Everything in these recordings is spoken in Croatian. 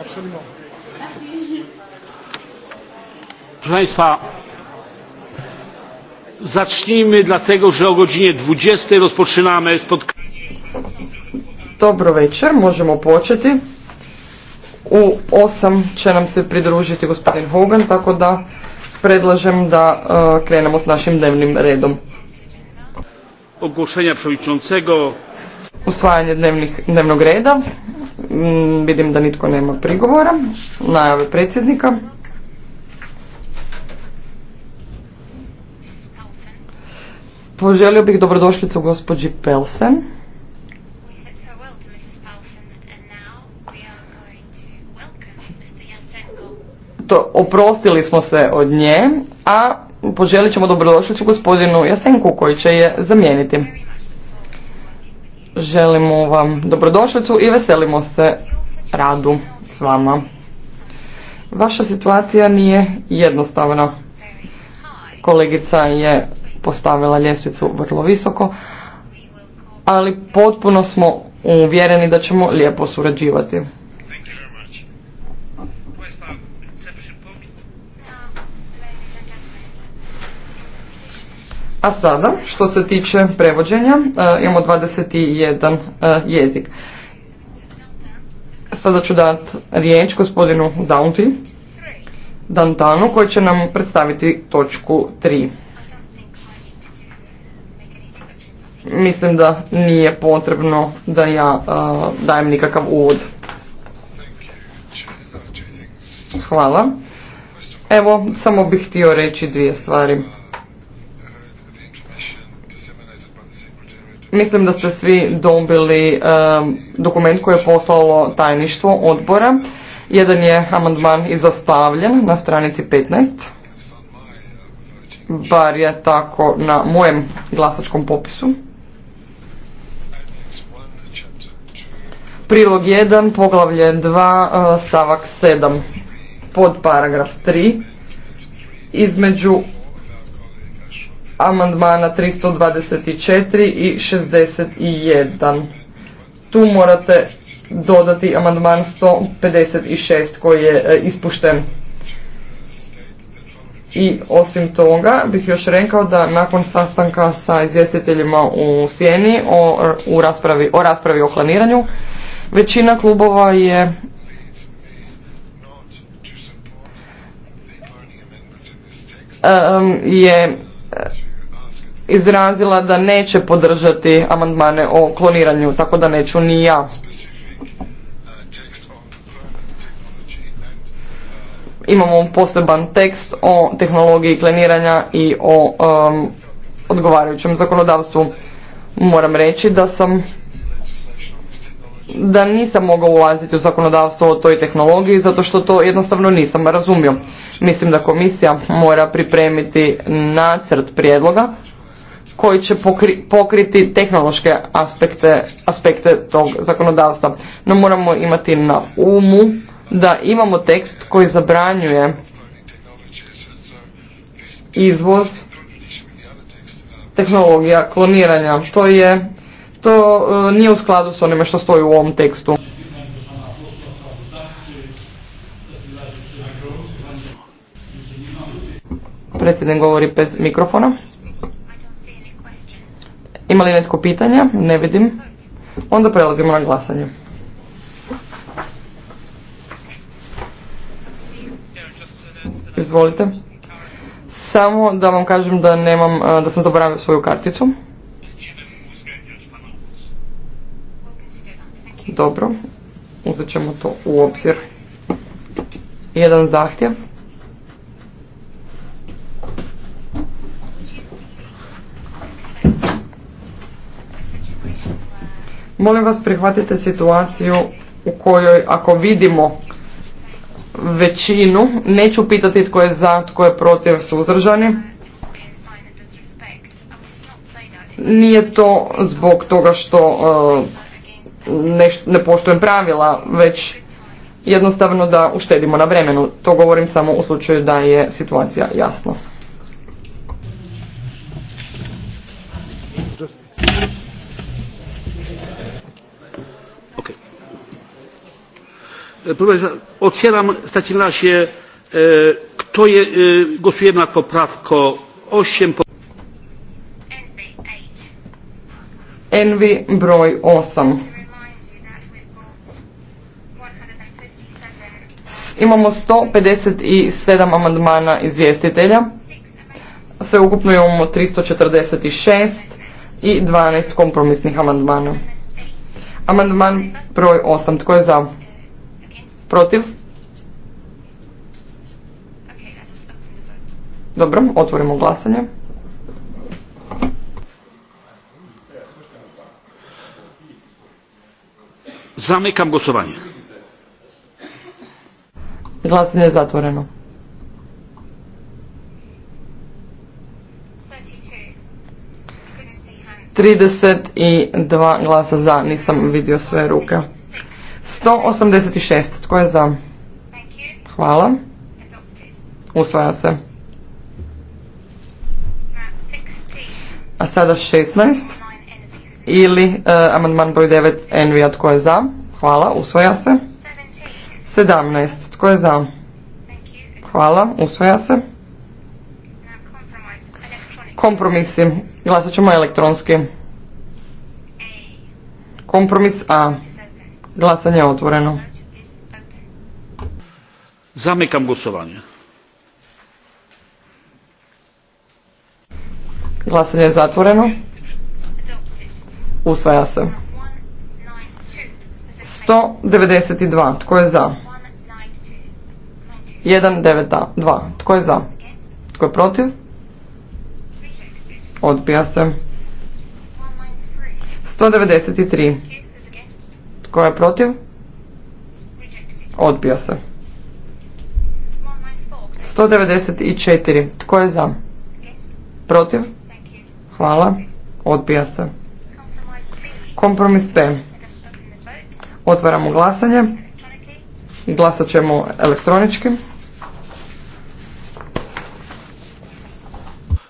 Absolument. Proszę Państwa, zacznijmy dlatego, że o godzinie 20 rozpoczynamy spotkanie. Dobro wieczór, możemy početi. U 8 će nam se pridružiti gospodin Hogan, tako da predlažem da uh, krenemo s našim dnevnim redom. Ogłoszenia przewodniczącego. Usvajanje dnevnih, dnevnog reda. Mm, vidim da nitko nema prigovora. Najave predsjednika. Poželio bih dobrodošlicu gospođi Pelsen. To, oprostili smo se od nje, a poželit ćemo dobrodošlicu gospodinu Jasenku koji će je zamijeniti. Želimo vam dobrodošlicu i veselimo se radu s vama. Vaša situacija nije jednostavna. Kolegica je postavila ljestvicu vrlo visoko, ali potpuno smo uvjereni da ćemo lijepo surađivati. A sada, što se tiče prevođenja, e, imamo 21 e, jezik. Sada ću dati riječ gospodinu Daunti, Dantanu, koji će nam predstaviti točku 3. Mislim da nije potrebno da ja e, dajem nikakav uvod. Hvala. Evo, samo bih htio reći dvije stvari. Mislim da ste svi dobili dokument koji je poslalo tajništvo odbora. Jedan je amandman izostavljen na stranici 15. Bar je tako na mojem glasačkom popisu. Prilog 1, poglavlje 2, e, stavak 7, pod paragraf 3, između amandmana 324 i 61. Tu morate dodati amandman 156 koji je e, ispušten. I osim toga bih još rekao da nakon sastanka sa izvjestiteljima u Sjeni o, u raspravi, o raspravi o planiranju, većina klubova je e, e, je izrazila da neće podržati amandmane o kloniranju, tako da neću ni ja. Imamo poseban tekst o tehnologiji kloniranja i o um, odgovarajućem zakonodavstvu. Moram reći da sam da nisam mogao ulaziti u zakonodavstvo o toj tehnologiji zato što to jednostavno nisam razumio. Mislim da komisija mora pripremiti nacrt prijedloga koji će pokriti tehnološke aspekte, aspekte tog zakonodavstva. No moramo imati na umu da imamo tekst koji zabranjuje izvoz tehnologija kloniranja. To je to e, nije u skladu s onime što stoji u ovom tekstu. Predsjednik govori bez mikrofona. Ima li netko pitanja? Ne vidim. Onda prelazimo na glasanje. Izvolite. Samo da vam kažem da nemam, da sam zaboravio svoju karticu. Dobro, uzet ćemo to u obzir. Jedan zahtjev. molim vas prihvatite situaciju u kojoj ako vidimo većinu, neću pitati tko je za, tko je protiv, suzdržani. Nije to zbog toga što e, ne, ne poštujem pravila, već jednostavno da uštedimo na vremenu. To govorim samo u slučaju da je situacija jasna. otwieram w takim razie e, kto je, e, głosujemy na poprawkę 8 Envy broj 8 Imamo 157 amandmana izvjestitelja. Sve ukupno imamo 346 i 12 kompromisnih amandmana. Amandman broj 8. Tko je za? Protiv? Dobro, otvorimo glasanje. Zamykam głosowanie. Glasanje je zatvoreno. trideset dva glasa za, nisam vidio sve ruke. 186. Tko je za? Hvala. Usvaja se. A sada 16. Ili e, amandman broj 9 Envija. Tko je za? Hvala. Usvaja se. 17. Tko je za? Hvala. Usvaja se. Kompromisi. Glasat ćemo elektronski. Kompromis A. Glasanje je otvoreno. Zamikam glasovanje. Glasanje je zatvoreno. Usvaja se. 192. Tko je za? 192. Tko je za? Tko je protiv? Odbija se. 193. Tko je protiv? Odbija se. 194. Tko je za? Protiv? Hvala. Odbija se. Kompromis tem Otvaramo glasanje. Glasat ćemo elektronički.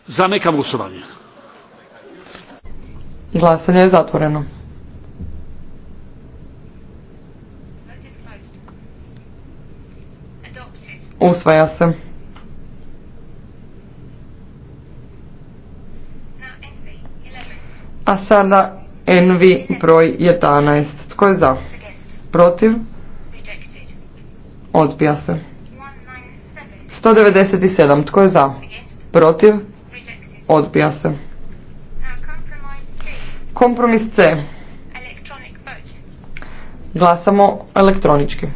Zamekam glasovanje. Glasanje je zatvoreno. Usvaja se. A sada NV broj 11. Tko je za? Protiv? Odbija se. 197. Tko je za? Protiv? Odbija se. Kompromis C. Glasamo elektronički.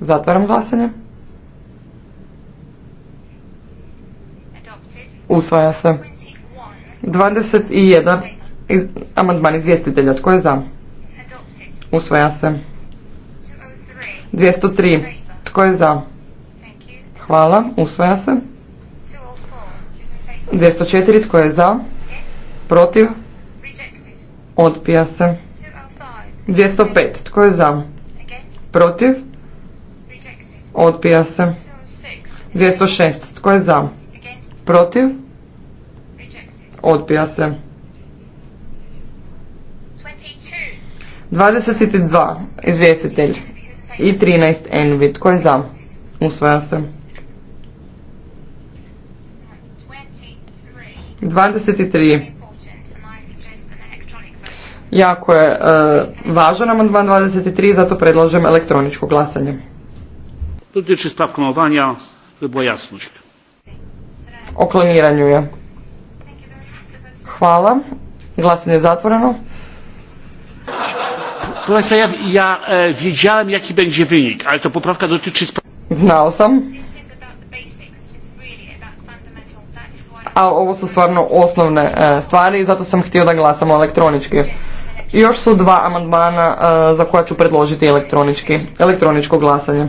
Zatvaram glasanje. Usvaja se. 21. Amandman izvjestitelja. Tko je za? Usvaja se. 203. Tko je za? Hvala. Usvaja se. 204. Tko je za? Protiv? Odpija se. 205. Tko je za? Protiv? Odbija se. 206. Tko je za? Protiv? Odbija se. 22. Izvjestitelj. I 13. Envid. Tko je za? Usvaja se. 23. Jako je e, važan amandman 23, zato predlažem elektroničko glasanje dotyczy spraw klonowania, żeby była jasność. O je. Hvala. Glasanje je zatvoreno. ja, ja e, wiedziałem jaki będzie wynik, ale to poprawka dotyczy... Znao sam. A ovo su stvarno osnovne e, stvari i zato sam htio da glasamo elektronički. Još su dva amandmana e, za koja ću predložiti elektronički, elektroničko glasanje.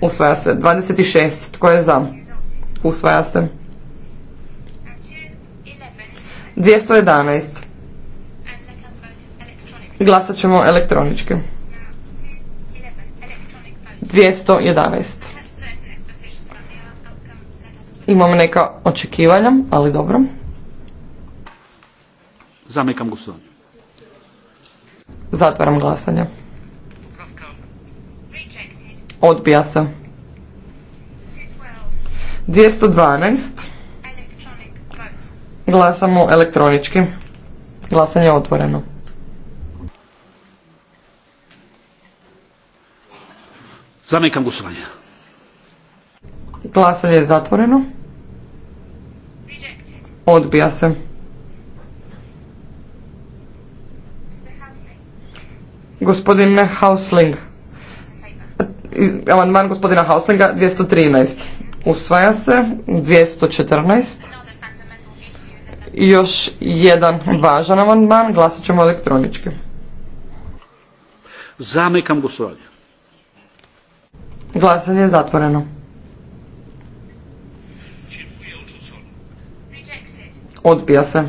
usvaja se. 26. Tko je za? Usvaja se. 211. Glasat ćemo elektronički. 211. Imamo neka očekivanja, ali dobro. Zamekam gusovanje. Zatvaram glasanje. Odbija se. 212. Glasamo elektronički. Glasanje je otvoreno. Zamekam gusovanje. Glasanje je zatvoreno. Odbija se. Gospodine Hausling. Amandman gospodina Hauslinga 213. Usvaja se 214. I još jedan važan amandman. Glasat ćemo elektronički. Zamekam glasovanje. Glasanje je zatvoreno. Odbija se.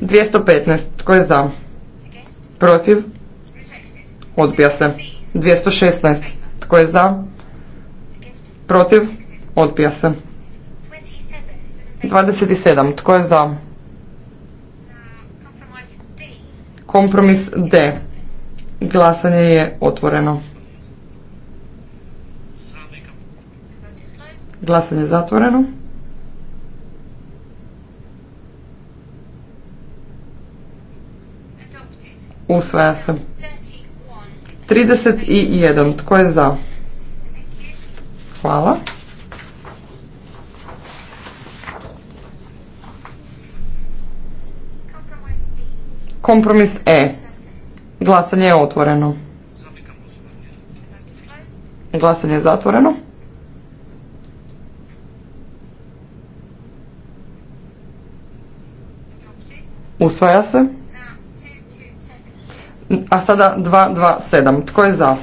215. Tko je za? Protiv? Odbija se. 216. Tko je za? Protiv? Odbija se. 27. Tko je za? Kompromis D. Glasanje je otvoreno. Glasanje je zatvoreno. Usvaja se. 31. Tko je za? Hvala. Kompromis E. Glasanje je otvoreno. Glasanje je zatvoreno. Usvaja se. A sada 227. Tko je za?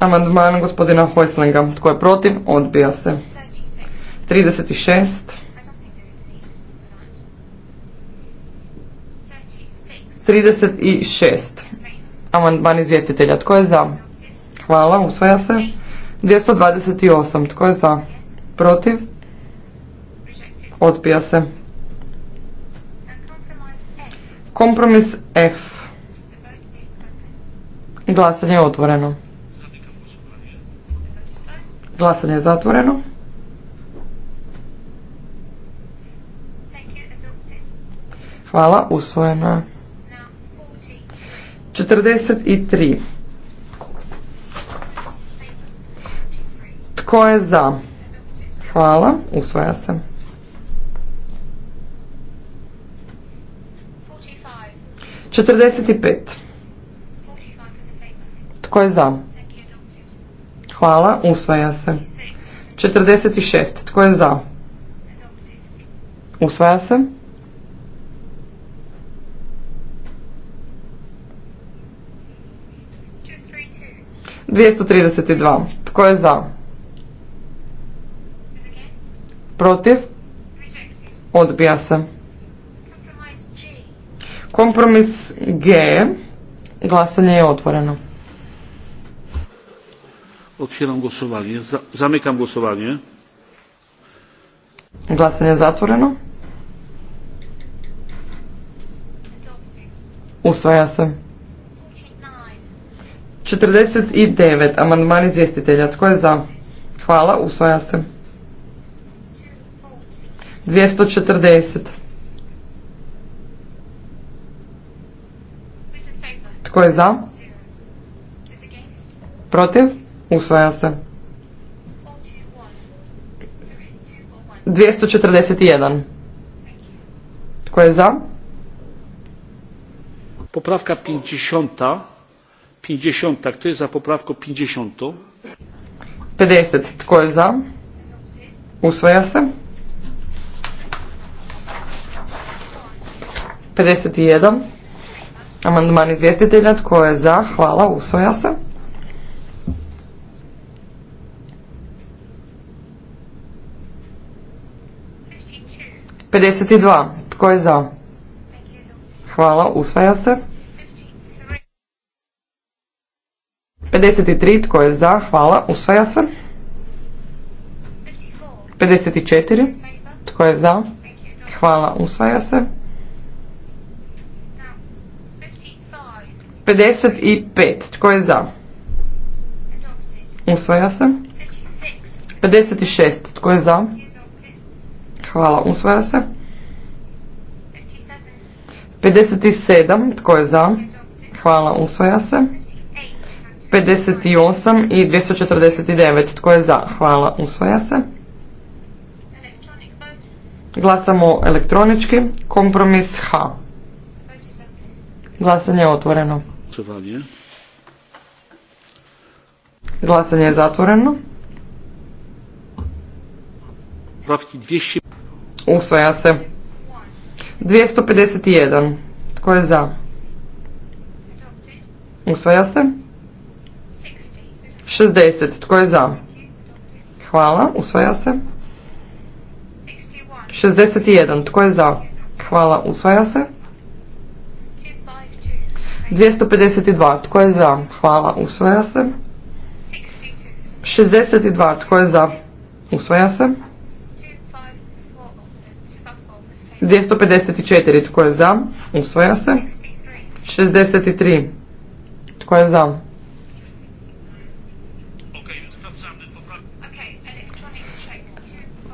Amandman gospodina Hojslinga. Tko je protiv? Odbija se. 36. 36. Amandman izvjestitelja. Tko je za? Hvala, usvaja se. 228. Tko je za? Protiv? Odbija se. Kompromis F. Glasanje je otvoreno. Glasanje je zatvoreno. Hvala, usvojeno. 43. Tko je za? Hvala, usvoja se. 45. Tko je za? Hvala, usvaja se. 46. Tko je za? Usvaja se. Dvijesto Tko je za? Protiv? Odbija se. Kompromis G. Glasanje je otvoreno. Otvjeram glasovanje. Zamikam glasovanje. Glasanje je zatvoreno. Usvaja se. 49. Amandman izvjestitelja. Tko je za? Hvala. Usvaja se. 240. Tko je za? Protiv? Usvaja se. 241. Tko je za? Popravka 50. 50. Kto jest za popravku 50? 50. Tko je za? Usvaja se. 51. Amandman izvjestitelja, tko je za? Hvala, usvoja se. Pedeset dva. Tko je za? Hvala, usvaja se. 53. Tko je za? Hvala, usvaja se. 54. Tko je za? Hvala, usvaja se. 55. Tko je za? Usvaja se. 56. Tko je za? Hvala. Usvaja se. 57. Tko je za? Hvala. Usvaja se. 58 i 249. Tko je za? Hvala. Usvaja se. Glasamo elektronički. Kompromis H. Glasanje je otvoreno głosowanie. Glasanje je zatvoreno. Pravki 200. Usvaja se. 251. Tko je za? Usvaja se. 60. Tko je za? Hvala. Usvaja se. 61. Tko je za? Hvala. Usvaja se. 252. Tko je za? Hvala. Usvaja se. 62. Tko je za? Usvaja se. 254. Tko je za? Usvaja se. 63. Tko je za?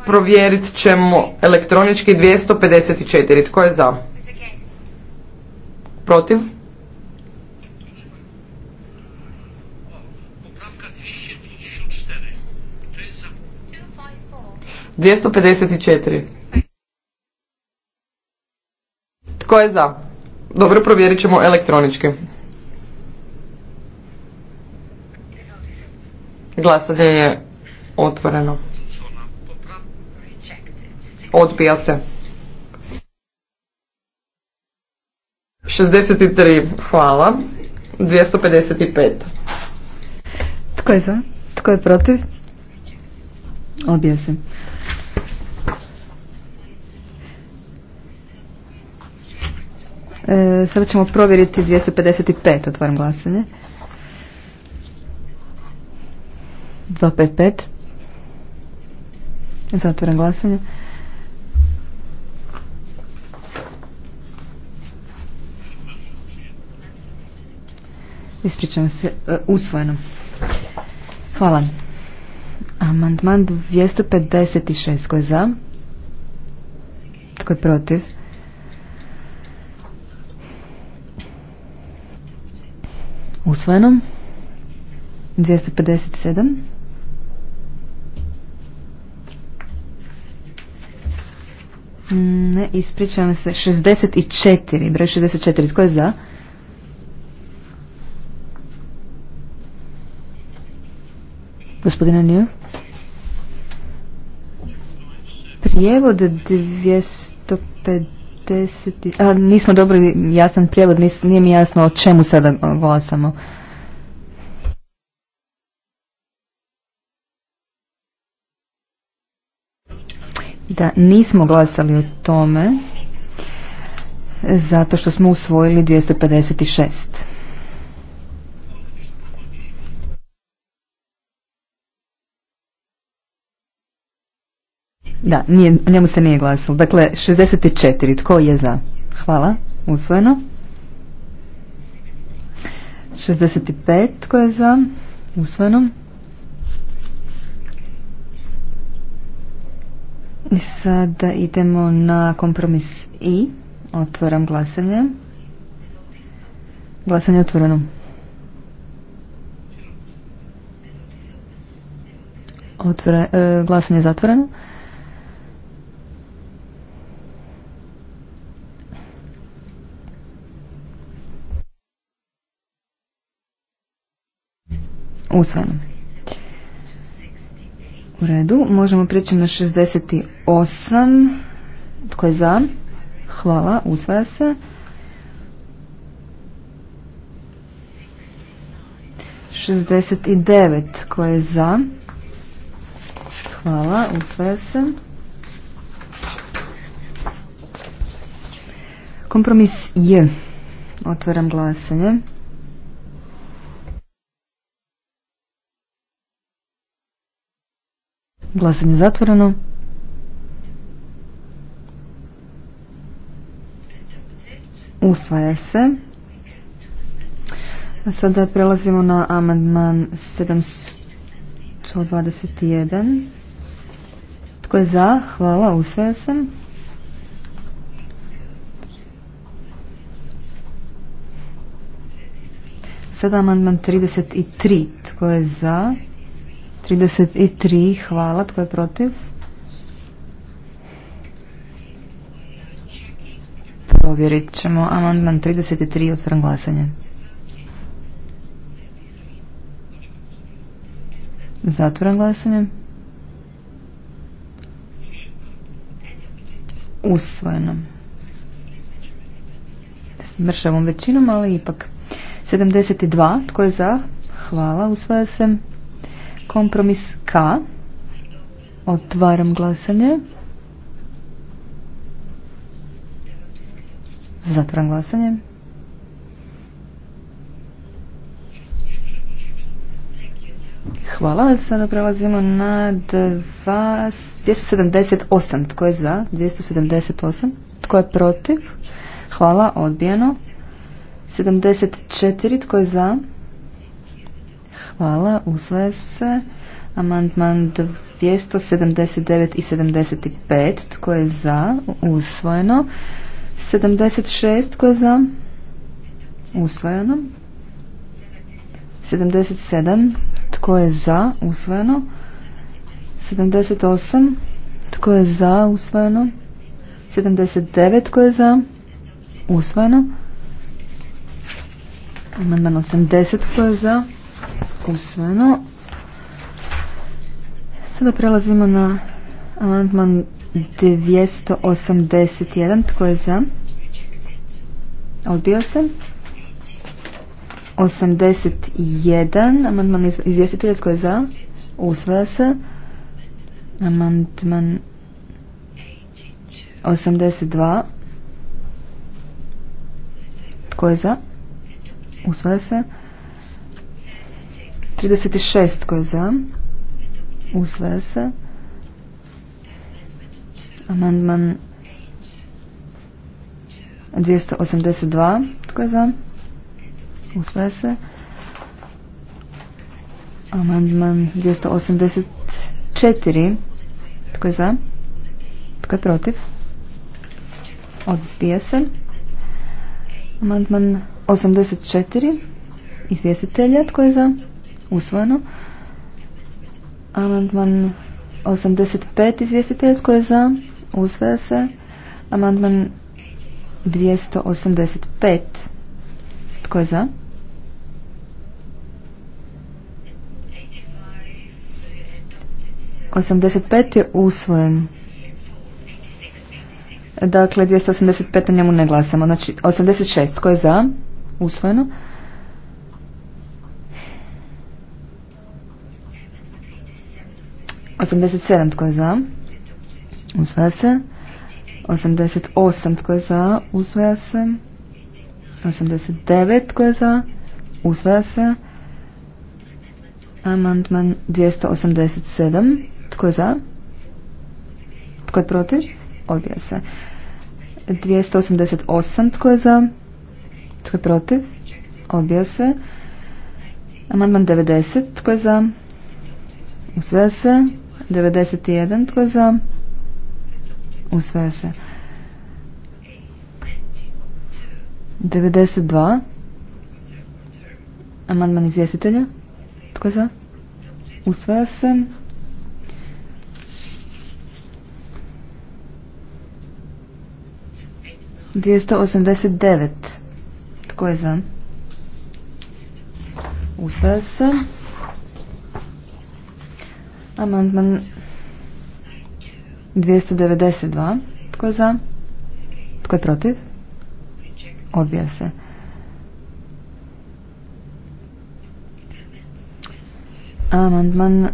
Provjerit ćemo elektronički 254. Tko je za? Protiv? 254. Tko je za? Dobro, provjerit ćemo elektronički. Glasanje je otvoreno. Odbija se. 63, hvala. 255. Tko je za? Tko je protiv? Odbija se. E, sada ćemo provjeriti 255. Otvaram glasanje. 255. Zatvaram glasanje. Ispričavam se, e, usvojeno. Hvala. Amandman 256. Ko je za? Tko je protiv? Usvojeno. 257. Ne, ispričavam se. 64. Broj 64. Tko je za? Gospodina Niju? Prijevod 250. A, nismo dobili jasan prijevod, nije mi jasno o čemu sada glasamo. Da, nismo glasali o tome zato što smo usvojili 256. Da, nije, njemu se nije glasilo. Dakle, 64. Tko je za? Hvala. Usvojeno. 65. Tko je za? Usvojeno. I sada idemo na kompromis I. Otvaram glasanje. Glasanje je otvoreno. Otvore, e, glasanje je zatvoreno. Usvojeno. U redu. Možemo prijeći na 68. Tko je za? Hvala. Usvaja se. 69. Tko je za? Hvala. Usvaja se. Kompromis je. Otvaram glasanje. Glasanje zatvoreno. Usvaja se. sada prelazimo na amandman 721. Tko je za? Hvala, usvaja se. Sada amandman 33. Tko je za? 33, hvala. Tko je protiv? Provjerit ćemo. Amandman 33, otvoram glasanje. Zatvoram glasanje. Usvojeno. S mršavom većinom, ali ipak. 72, tko je za? Hvala, usvoja se. Kompromis K. Otvaram glasanje. Zatvaram glasanje. Hvala. Sada prelazimo na 278. Tko je za? 278. Tko je protiv? Hvala. Odbijeno. 74. Tko je za? Hvala, Usvaje se. Amandman 279 i 75, tko je za, usvojeno. 76, tko je za, usvojeno. 77, tko je za, usvojeno. 78, tko je za, usvojeno. 79, tko je za, usvojeno. Amandman 80, tko je za, usvojeno usvojeno. Sada prelazimo na amandman 281. Tko je za? Odbio se. 81. Amandman izvjestitelja. Tko je za? Usvaja se. Amandman 82. Tko je za? Usvaja se. 36 tko je za? Usvaja se. Amandman 282 tko je za? Usvaja se. Amandman 284 tko je za? Tko je protiv? Odbija se. Amandman 84 izvjestitelja tko je za? usvojeno. Amandman 85 izvjestitelj tko je za, usvaja se. Amandman 285 tko je za? Osamdeset pet je usvojen. Dakle, 285 o njemu ne glasamo. Znači, 86. Tko je za? Usvojeno. 87 tko je za? Usvaja se. 88 tko je za? Usvaja se. 89 tko je za? Usvaja se. Amandman 287. Tko je za? Tko je protiv? Odbija se. 288. Tko je za? Tko je protiv? Odbija se. Amandman 90. Tko je za? Usvaja se. 91 tko je za usvaja se 92 amandman izvjestitelja tko je za usvaja se 289, osamdeset devet tko je za usvaja se Amandman 292. Tko je za? Tko je protiv? Odbija se. Amandman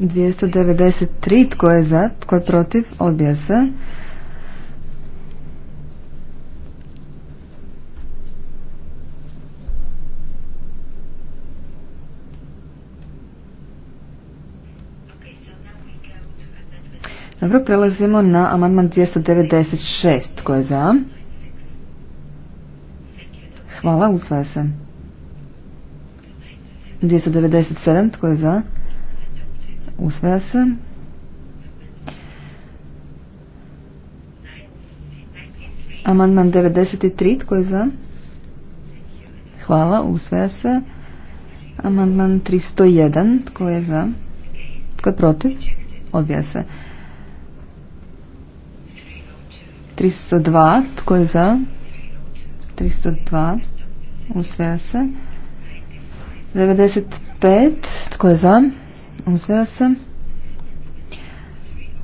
293, tri tko je za tko je protiv odbija se Dobro, prelazimo na amandman 296. Tko je za? Hvala, usvaja se. 297. Tko je za? Usvaja se. Amandman 93. Tko je za? Hvala, usvaja se. Amandman 301. Tko je za? Tko je protiv? Odbija se. 302. Tko je za? 302. usvija se. 95. Tko je za? Usvija se.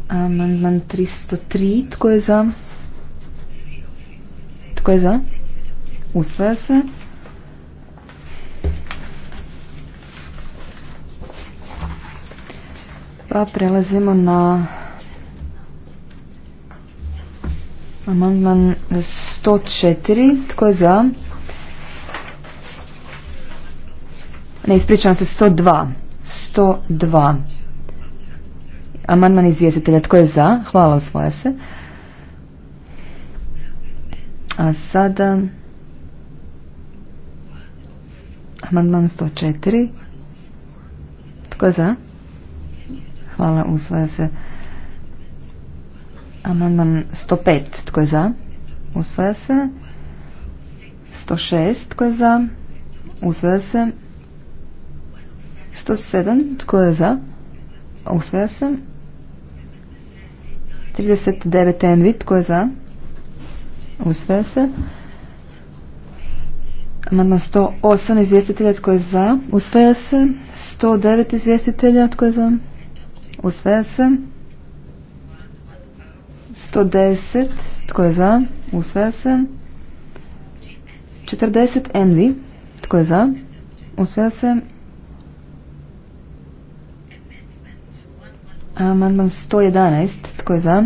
Amandman 303. Tko je za? Tko je za? Usvija se. Pa prelazimo na Amandman 104. Tko je za? Ne, ispričavam se, 102. 102. Amandman izvjestitelja. Tko je za? Hvala, osvoja se. A sada... Amandman 104. Tko je za? Hvala, osvoja se. Amandman 105. Tko je za? Usvaja se. 106. Tko je za? Usvaja se. 107. Tko je za? Usvaja se. 39. Envi. Tko je za? Usvaja se. Amandman 108. Izvjestitelja. Tko je za? Usvaja se. 109. Izvjestitelja. Tko je za? Usvaja se. 110, tko je za? Usvaja se. 40 Envi, tko je za? Usvaja se. Amandman 111, tko je za?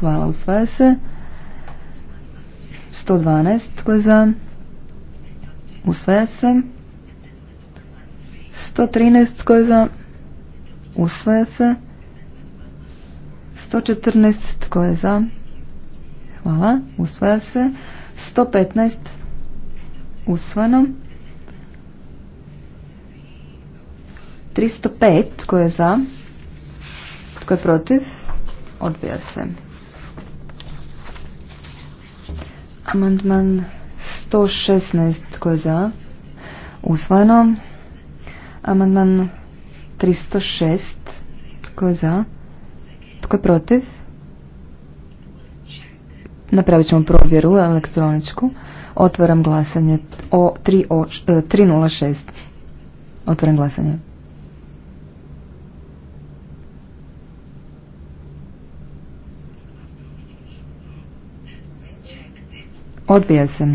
Hvala, usvaja se. 112, tko je za? Usvaja se. 113, tko je za? Usvaja se. 114 tko je za? Hvala. Usvaja se. 115 usvojeno. 305 tko je za? Tko je protiv? Odbija se. Amandman 116 tko je za? Usvojeno. Amandman 306 tko je za? Tko je protiv? Napravit ćemo provjeru elektroničku. Otvaram glasanje o 306. E, Otvaram glasanje. Odbija se.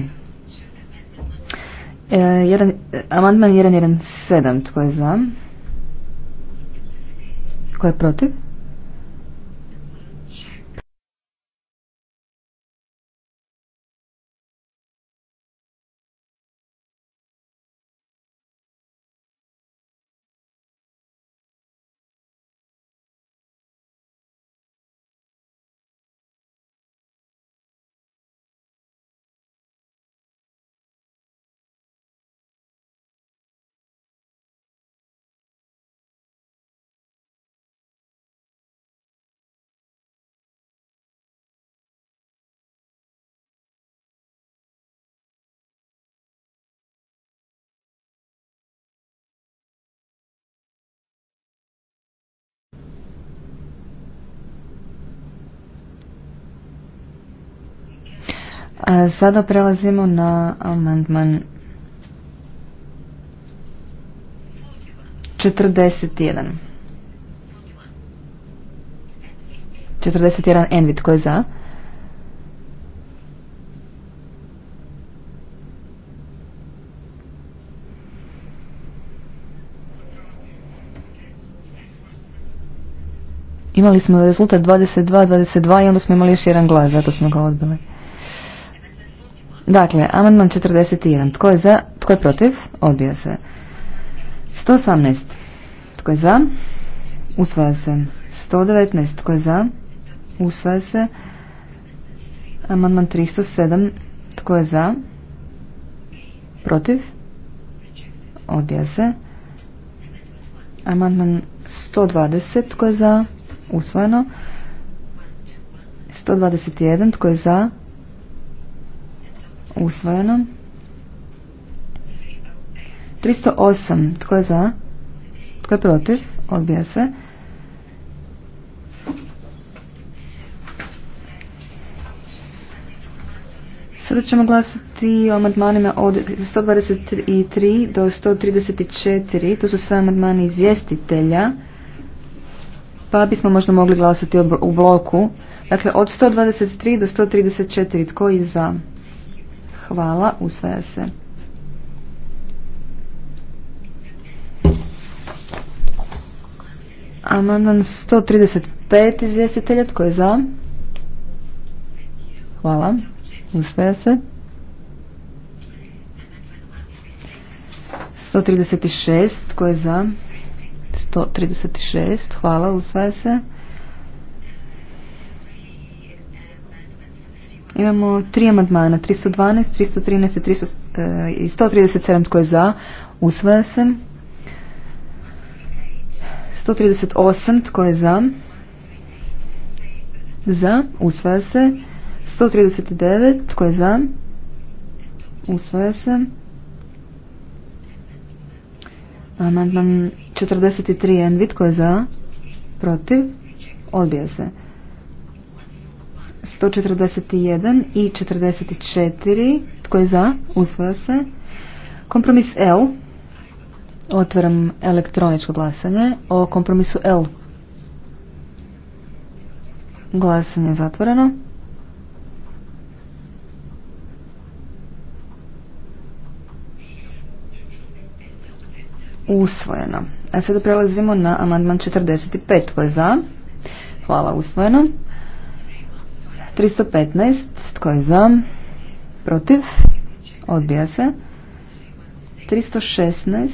E, jedan, amandman 117. Tko je za? Tko je protiv? Sada prelazimo na amandman 41. 41 Envid, ko je za? Imali smo rezultat 22-22 i onda smo imali još jedan glas, zato smo ga odbili. Dakle, amandman 41. Tko je za? Tko je protiv? Odbija se. 118. Tko je za? Usvaja se. 119. Tko je za? Usvaja se. Amandman 307. Tko je za? Protiv? Odbija se. Amandman 120. Tko je za? Usvojeno. 121. Tko je za? Usvojeno. 308. Tko je za? Tko je protiv? Odbija se. Sada ćemo glasati o amandmanima od 123 do 134. To su sve amandmani izvjestitelja. Pa bismo možda mogli glasati u bloku. Dakle, od 123 do 134. Tko je za? Hvala, usvaja se. Amandman 135 izvjestitelja, tko je za? Hvala, usvaja se. 136, tko je za? 136, hvala, usvaja se. Imamo tri amandmana, 312, 313 i 137 e, tko je za, usvaja se. 138 tko je za, za, usvaja se. 139 tko je za, usvaja se. Amandman 43 Envid tko je za, protiv, odbija se. 141 i 44. Tko je za? Usvaja se. Kompromis L. Otvaram elektroničko glasanje o kompromisu L. Glasanje je zatvoreno. Usvojeno. A sada prelazimo na amandman 45. Tko je za? Hvala, usvojeno. 315. Tko je za? Protiv? Odbija se. 316.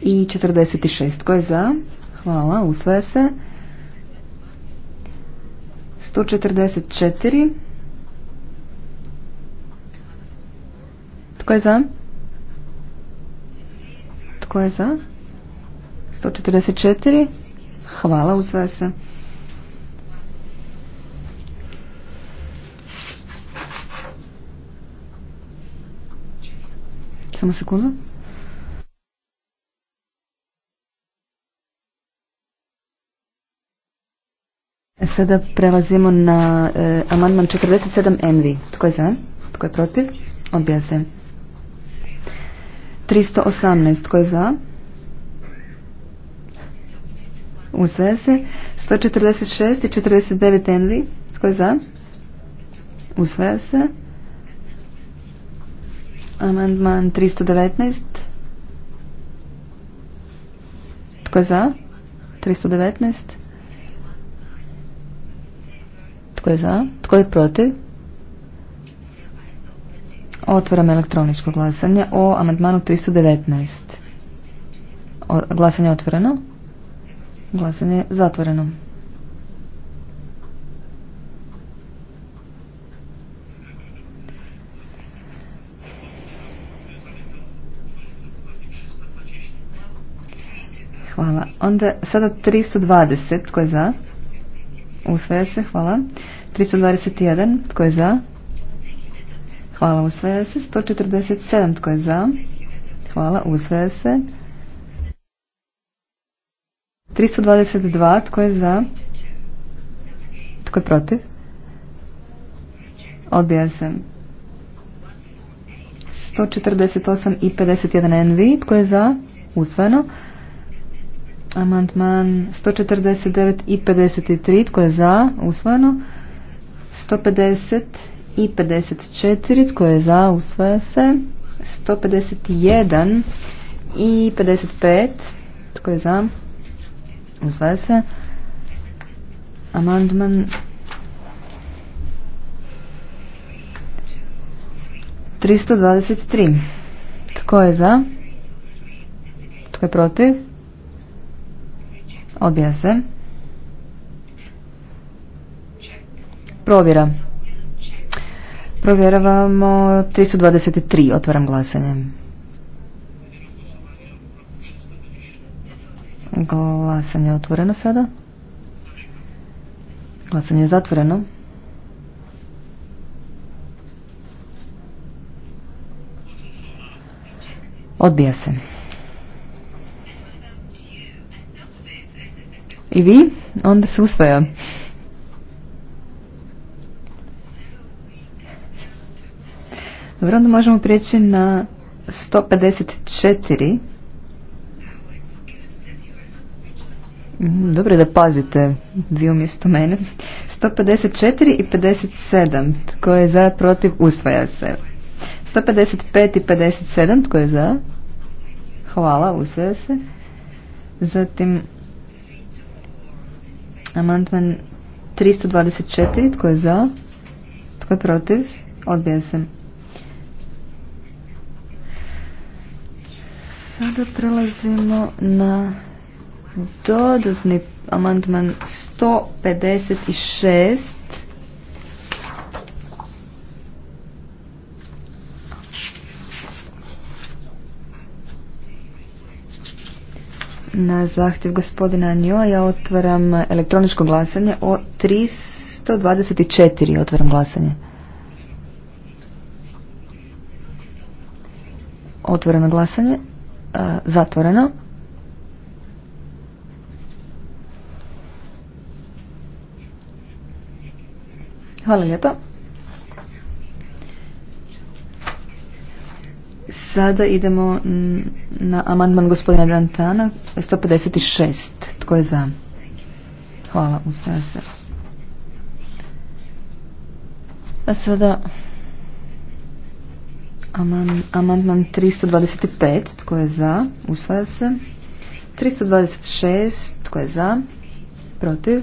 I 46. Tko je za? Hvala. Usvaja se. 144. Tko je za? Tko je za? 144. Hvala, usvaja se. Samo sekundu. E, sada prelazimo na e, amandman 47 Envi. Tko je za? Tko je protiv? Odbija se. 318. Tko je za? Usvaja se. 146 i 49 Envi. Tko je za? Usvaja se. Amandman 319. Tko je za? 319. Tko je za? Tko je protiv? Otvaram elektroničko glasanje o amandmanu 319. glasanje je otvoreno. Glasanje je zatvoreno. Hvala. Onda sada 320, tko je za? Usvaja se, hvala. 321, tko je za? Hvala, usvaja se. 147, tko je za? Hvala, usvaja se. 322, tko je za? Tko je protiv? Odbija se. 148 i 51 NV, tko je za? Usveno. Amandman 149 i 53. Tko je za? Usvojeno. 150 i 54. Tko je za? Usvaja se. 151 i 55. Tko je za? Usvaja se. Amandman 323. Tko je za? Tko je protiv? Odbija se. Provjera. Provjeravamo 323. Otvaram glasanje. Glasanje je otvoreno sada. Glasanje je zatvoreno. Odbija se. i vi, onda se usvaja. Dobro, onda možemo prijeći na 154. Mhm, dobro je da pazite vi umjesto mene. 154 i 57. Tko je za, protiv, usvaja se. 155 i 57. Tko je za? Hvala, usvaja se. Zatim Amandman 324. Tko je za? Tko je protiv? Odbija se. Sada prelazimo na dodatni amandman 156 Na zahtjev gospodina ja otvaram elektroničko glasanje o 324. Otvaram glasanje. Otvoreno glasanje. Zatvoreno. Hvala lijepa. Sada idemo na amandman gospodina Dantana, 156. Tko je za? Hvala, usvaja se. A sada amandman 325. Tko je za? Usvaja se. 326. Tko je za? Protiv?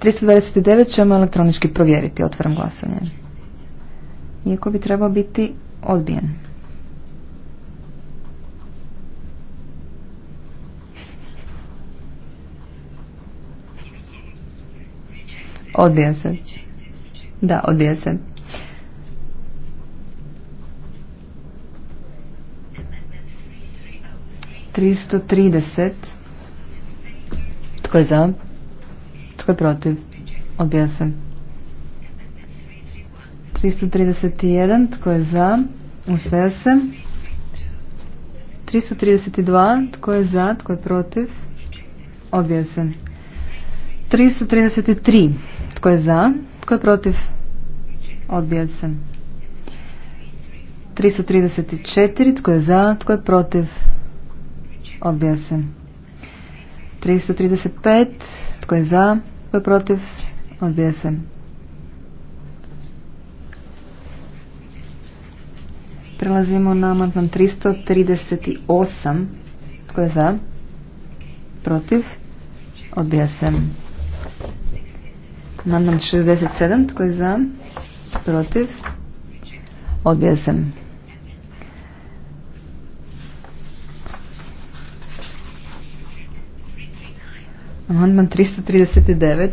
329 ćemo elektronički provjeriti. Otvaram glasanje. Iako bi trebao biti odbijen. Odbija se. Da, odbija se. Tristo trideset. Tko je za? Tko je protiv? Odbija se. 331. Tko je za? Usvaja se. 332. Tko je za? Tko je protiv? Odbija se. 333. Tko je za? Tko je protiv? Odbija se. 334. Tko je za? Tko je protiv? Odbija se. 335. Tko je za? Tko je protiv? Odbija se. Prelazimo na amandman 338. Tko je za? Protiv? Odbija se. Amandman 67. Tko je za? Protiv? Odbija se. Amandman 339.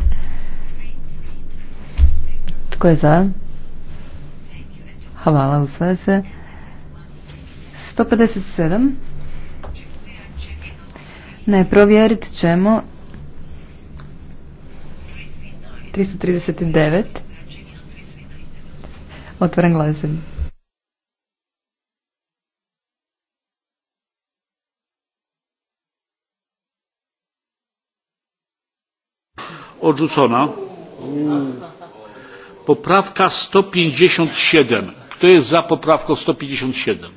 Tko je za? Hvala, usvaja se. 157. Ne, provjerit ćemo. 339. Otvoren glasanje. odrzucona. Poprawka 157. Kto jest za poprawką 157?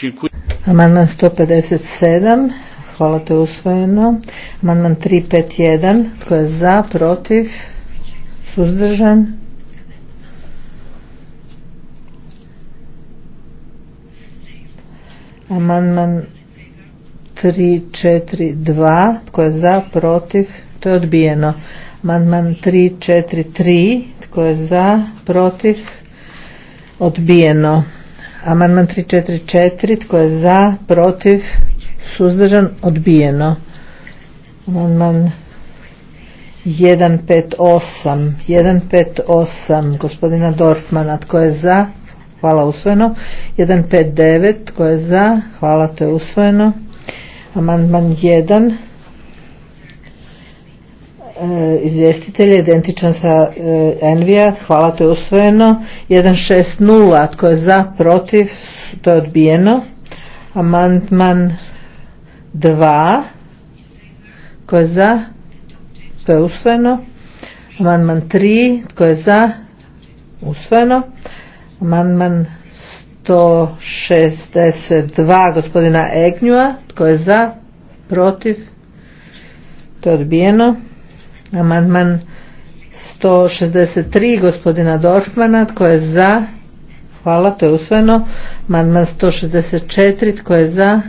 Dziękuję. Amandman 157. Hvala to je usvojeno. Amandman 351. Kto jest za, protiv, suzdržan? Amandman 342. Kto je za, protiv, suzdržan? To je odbijeno. Amandman 343. Tko je za? Protiv? Odbijeno. Amandman 344. Tko je za? Protiv? Suzdržan? Odbijeno. Amandman 158. 158. Gospodina Dorfmana. Tko je za? Hvala usvojeno. 159. Tko je za? Hvala, to je usvojeno. Amandman 1. E, izvjestitelj identičan sa e, Envija, hvala to je usvojeno 1.6.0 tko je za, protiv to je odbijeno amandman 2 tko je za to je usvojeno amandman 3 tko je za usvojeno amandman 162 gospodina Egnjua tko je za, protiv to je odbijeno Amandman 163 gospodina Dorfmana, tko je za? Hvala, to je usvojeno. Amandman 164, tko je za?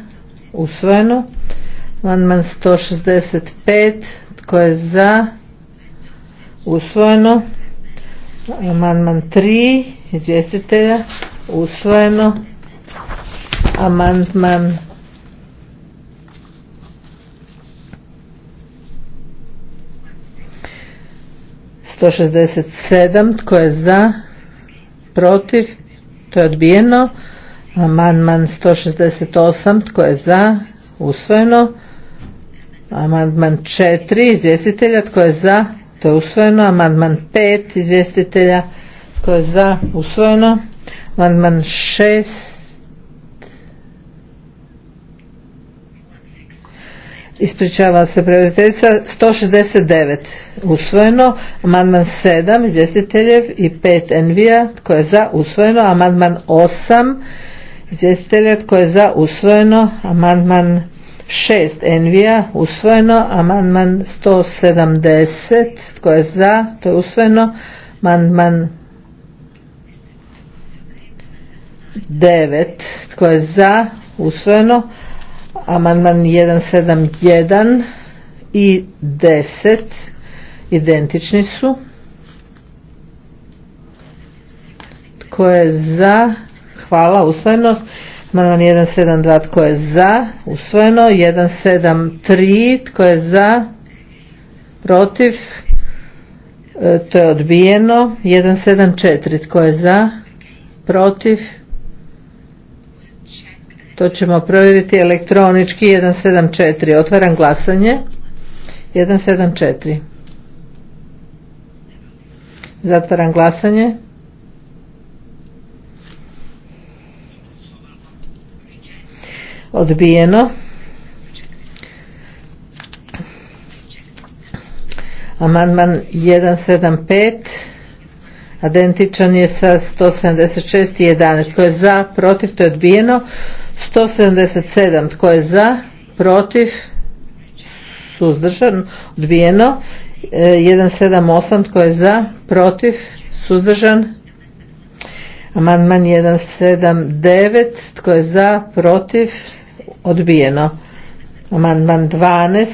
Usvojeno. Amandman 165, tko je za? Usvojeno. Amandman 3, izvjestitelja, usvojeno. Amandman 167. Tko je za? Protiv? To je odbijeno. Amandman 168. Tko je za? Usvojeno. Amandman 4. Izvjestitelja. Tko je za? To je usvojeno. Amandman 5. Izvjestitelja. Tko je za? Usvojeno. Amandman 6 Ispričava se prioritetica 169 usvojeno, amandman 7 izvjestiteljev i 5 envija tko je za usvojeno, amandman 8 izvjestiteljev koje je za usvojeno, amandman 6 envija usvojeno, amandman 170 koje je za, to je usvojeno, amandman 9 tko je za usvojeno, amandman 171 i 10 identični su. Tko je za? Hvala, usvojeno. Amandman 172, tko je za? Usvojeno. 173, tko je za? Protiv? E, to je odbijeno. 174, tko je za? Protiv? To ćemo provjeriti elektronički 174. Otvaram glasanje. 174. Zatvaram glasanje. Odbijeno. Amandman 175 identičan je sa 176 i 11. Ko je za, protiv, to je odbijeno. 177 tko je za, protiv, suzdržan, odbijeno. 178 e, tko je za, protiv, suzdržan. Amandman 179 tko je za, protiv, odbijeno. Amandman 12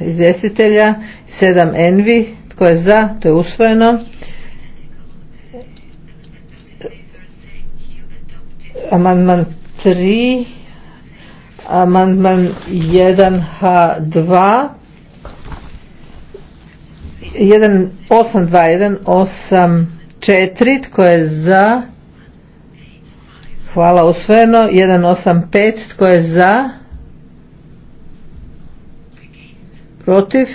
izvjestitelja, 7 envi, tko je za, to je usvojeno. Amandman 3, amandman 1H2, 1821184 tko je za hvala usvojeno 185 tko je za protiv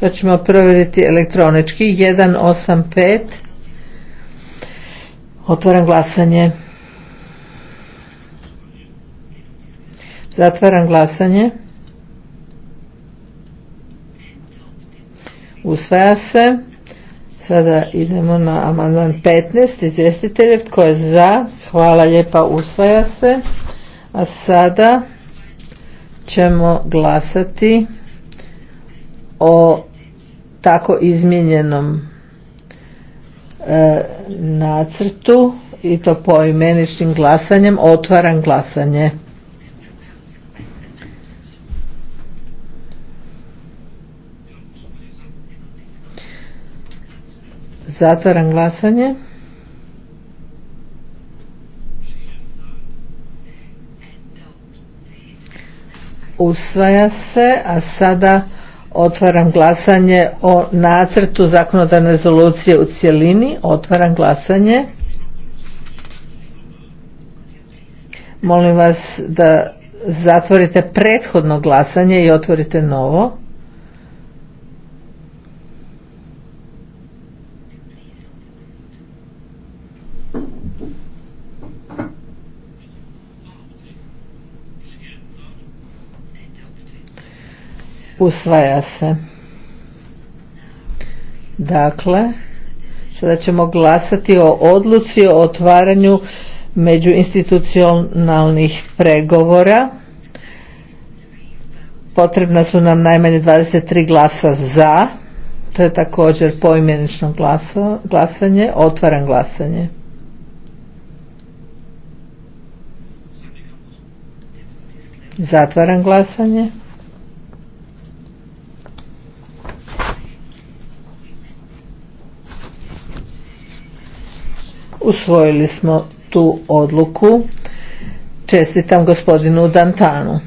to ćemo provjeriti elektronički 185 Otvaram glasanje. Zatvaram glasanje. Usvaja se. Sada idemo na amandman 15. Izvjestitelje tko je za. Hvala lijepa. Usvaja se. A sada ćemo glasati o tako izmijenjenom E, nacrtu i to imeničnim glasanjem otvaram glasanje zatvaram glasanje usvaja se a sada Otvaram glasanje o nacrtu zakonodavne rezolucije u cjelini. Otvaram glasanje. Molim vas da zatvorite prethodno glasanje i otvorite novo. usvaja se dakle sada ćemo glasati o odluci o otvaranju međuinstitucionalnih pregovora potrebna su nam najmanje 23 glasa za to je također poimenično glasanje otvaram glasanje zatvaram glasanje usvojili smo tu odluku. Čestitam gospodinu Dantanu.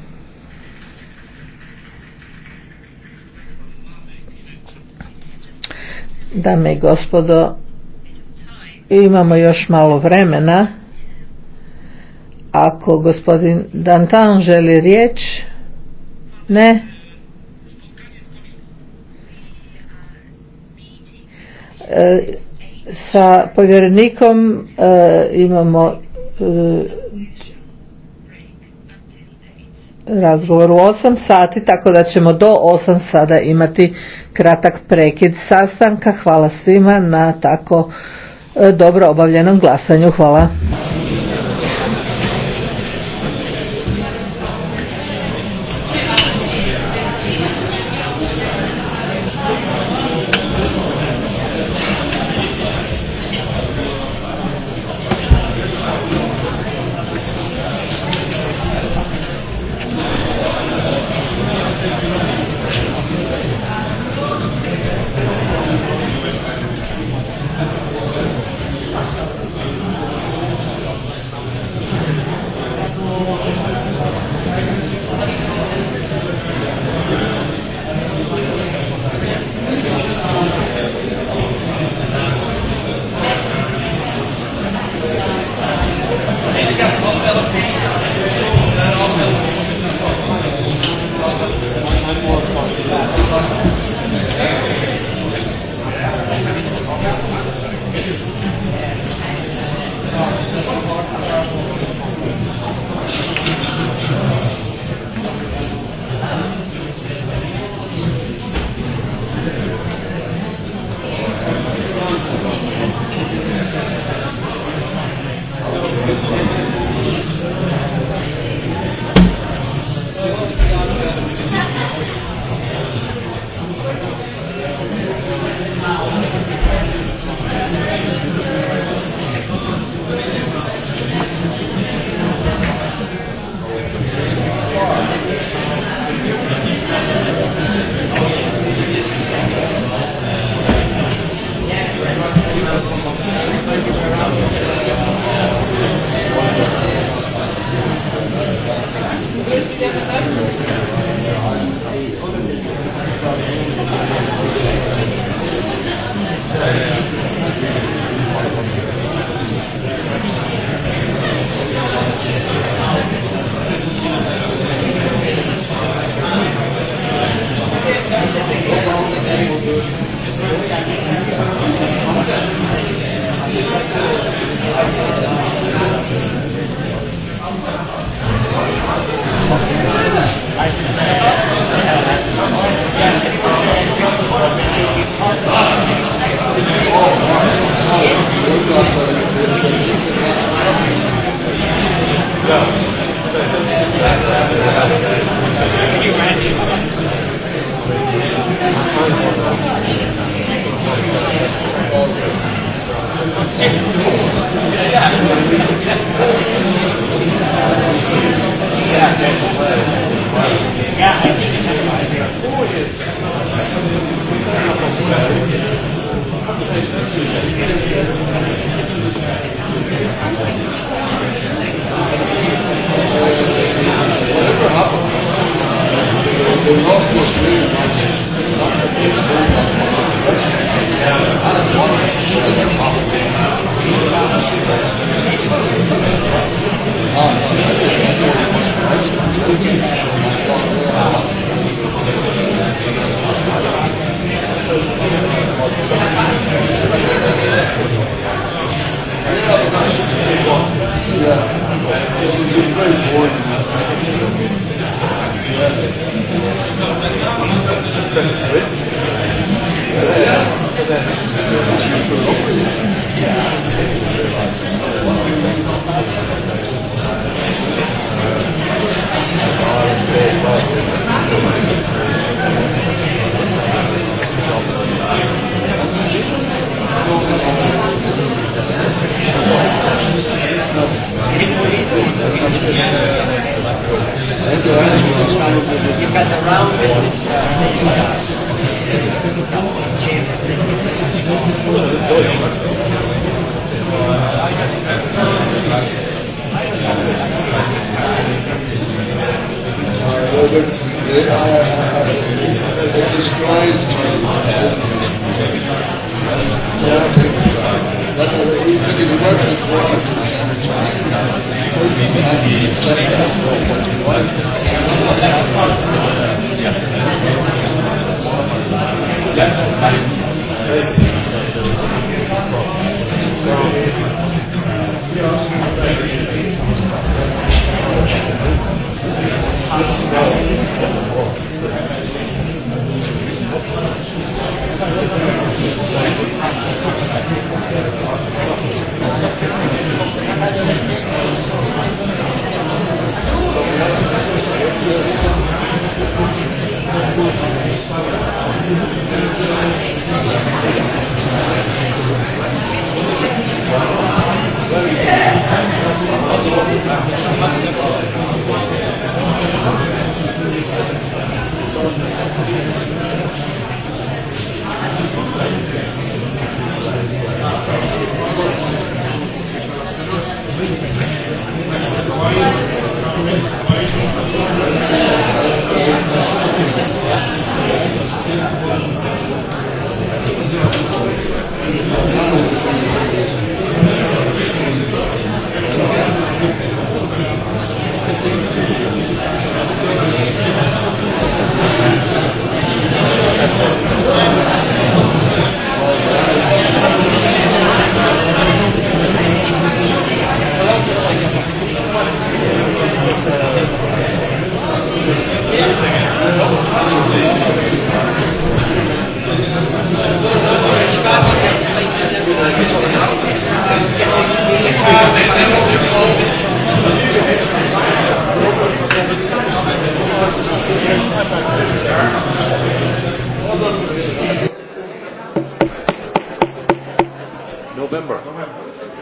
Dame i gospodo, imamo još malo vremena. Ako gospodin Dantan želi riječ, ne. E, sa povjerenikom e, imamo e, razgovor u 8 sati, tako da ćemo do 8 sada imati kratak prekid sastanka. Hvala svima na tako e, dobro obavljenom glasanju. Hvala.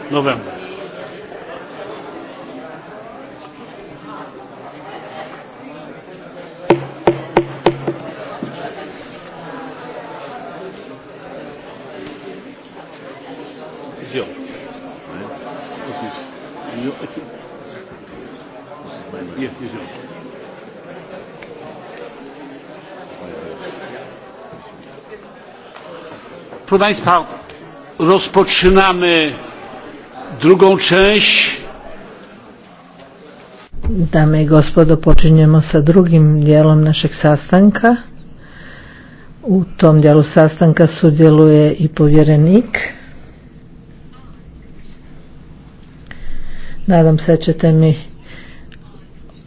November. November. Proszę Państwa, rozpoczynamy drugą część. Dame i gospodo, počinjemo sa drugim dijelom našeg sastanka. U tom dijelu sastanka sudjeluje i povjerenik. Nadam se ćete mi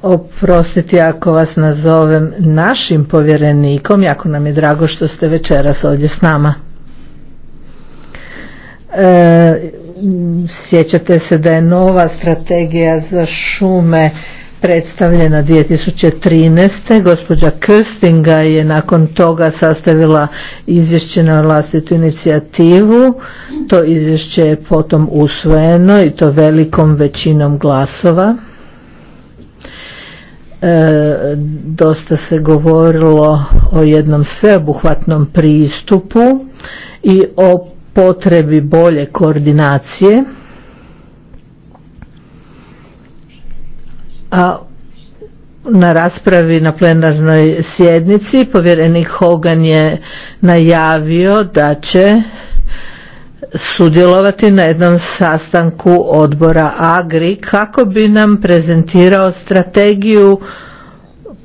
oprostiti ako vas nazovem našim povjerenikom, jako nam je drago što ste večeras ovdje s nama. E, sjećate se da je nova strategija za šume predstavljena 2013. Gospođa Krstinga je nakon toga sastavila izvješće na vlastitu inicijativu. To izvješće je potom usvojeno i to velikom većinom glasova. E, dosta se govorilo o jednom sveobuhvatnom pristupu i o potrebi bolje koordinacije a na raspravi na plenarnoj sjednici povjerenik Hogan je najavio da će sudjelovati na jednom sastanku odbora Agri kako bi nam prezentirao strategiju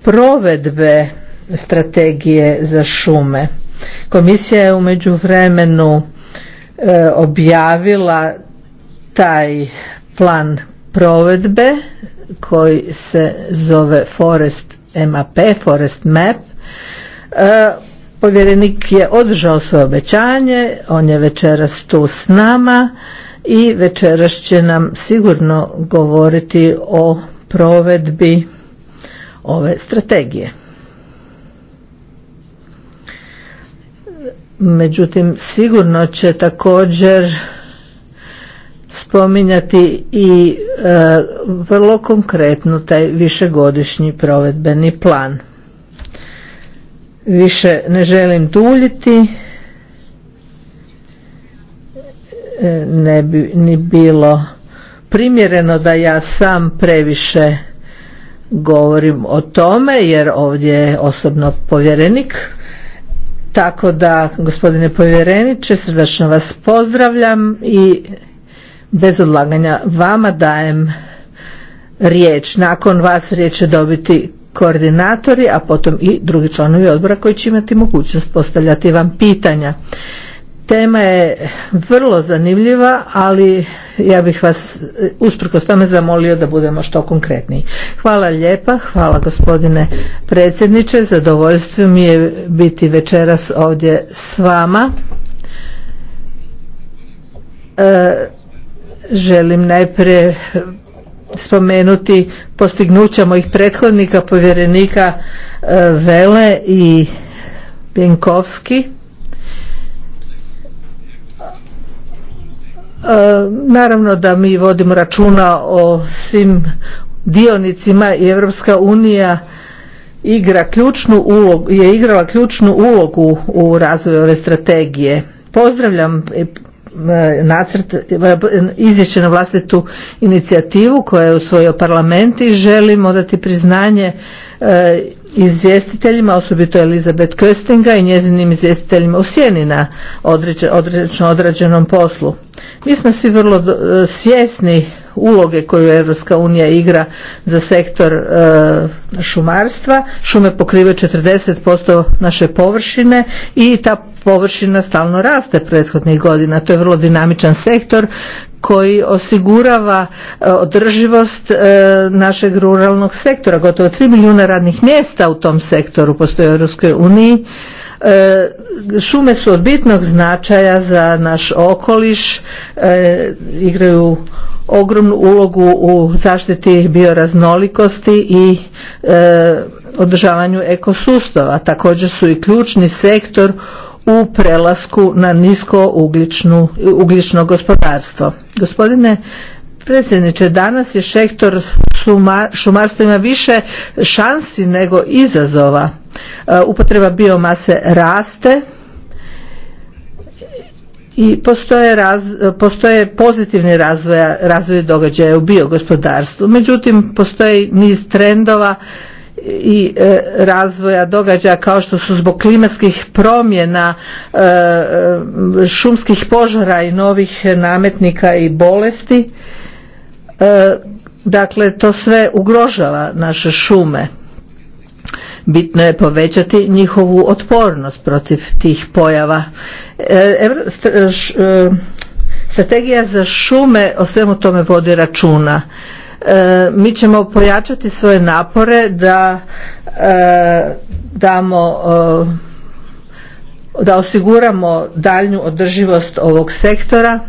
provedbe strategije za šume. Komisija je u međuvremenu E, objavila taj plan provedbe koji se zove Forest MAP, Forest Map. E, povjerenik je održao svoje obećanje, on je večeras tu s nama i večeras će nam sigurno govoriti o provedbi ove strategije. međutim sigurno će također spominjati i e, vrlo konkretno taj višegodišnji provedbeni plan. Više ne želim duljiti, e, ne bi ni bilo primjereno da ja sam previše govorim o tome jer ovdje je osobno povjerenik tako da, gospodine povjereniče, srdačno vas pozdravljam i bez odlaganja vama dajem riječ. Nakon vas riječ će dobiti koordinatori, a potom i drugi članovi odbora koji će imati mogućnost postavljati vam pitanja. Tema je vrlo zanimljiva, ali ja bih vas usprkos tome zamolio da budemo što konkretniji. Hvala lijepa, hvala gospodine predsjedniče, zadovoljstvo mi je biti večeras ovdje s vama. E, želim najprije spomenuti postignuća mojih prethodnika povjerenika e, Vele i Bjenkovski. E, naravno da mi vodimo računa o svim dionicima i Europska unija igra ključnu ulogu, je igrala ključnu ulogu u razvoju ove strategije. Pozdravljam e, e, nacrt, izvješće na vlastitu inicijativu koja je usvojio parlament i želim odati priznanje izvjestiteljima, osobito Elizabeth Köstinga i njezinim izvjestiteljima u sjeni na određenom odrađenom poslu. Mi smo svi vrlo e, svjesni uloge koju Europska unija igra za sektor e, šumarstva. Šume pokrivaju 40% naše površine i ta površina stalno raste prethodnih godina. To je vrlo dinamičan sektor koji osigurava e, održivost našeg ruralnog sektora. Gotovo 3 milijuna radnih mjesta u tom sektoru postoje u Europskoj uniji E, šume su od bitnog značaja za naš okoliš, e, igraju ogromnu ulogu u zaštiti bioraznolikosti i e, održavanju ekosustava. Također su i ključni sektor u prelasku na nisko ugljično gospodarstvo. Gospodine predsjedniče, danas je sektor šumarstva ima više šansi nego izazova. E, upotreba biomase raste i postoje, pozitivni razvoja, razvoj događaja u biogospodarstvu. Međutim, postoji niz trendova i e, razvoja događaja kao što su zbog klimatskih promjena e, šumskih požara i novih nametnika i bolesti E, dakle, to sve ugrožava naše šume. Bitno je povećati njihovu otpornost protiv tih pojava. E, e, strategija za šume o svemu tome vodi računa. Mi ćemo pojačati svoje napore da damo da osiguramo daljnju održivost ovog sektora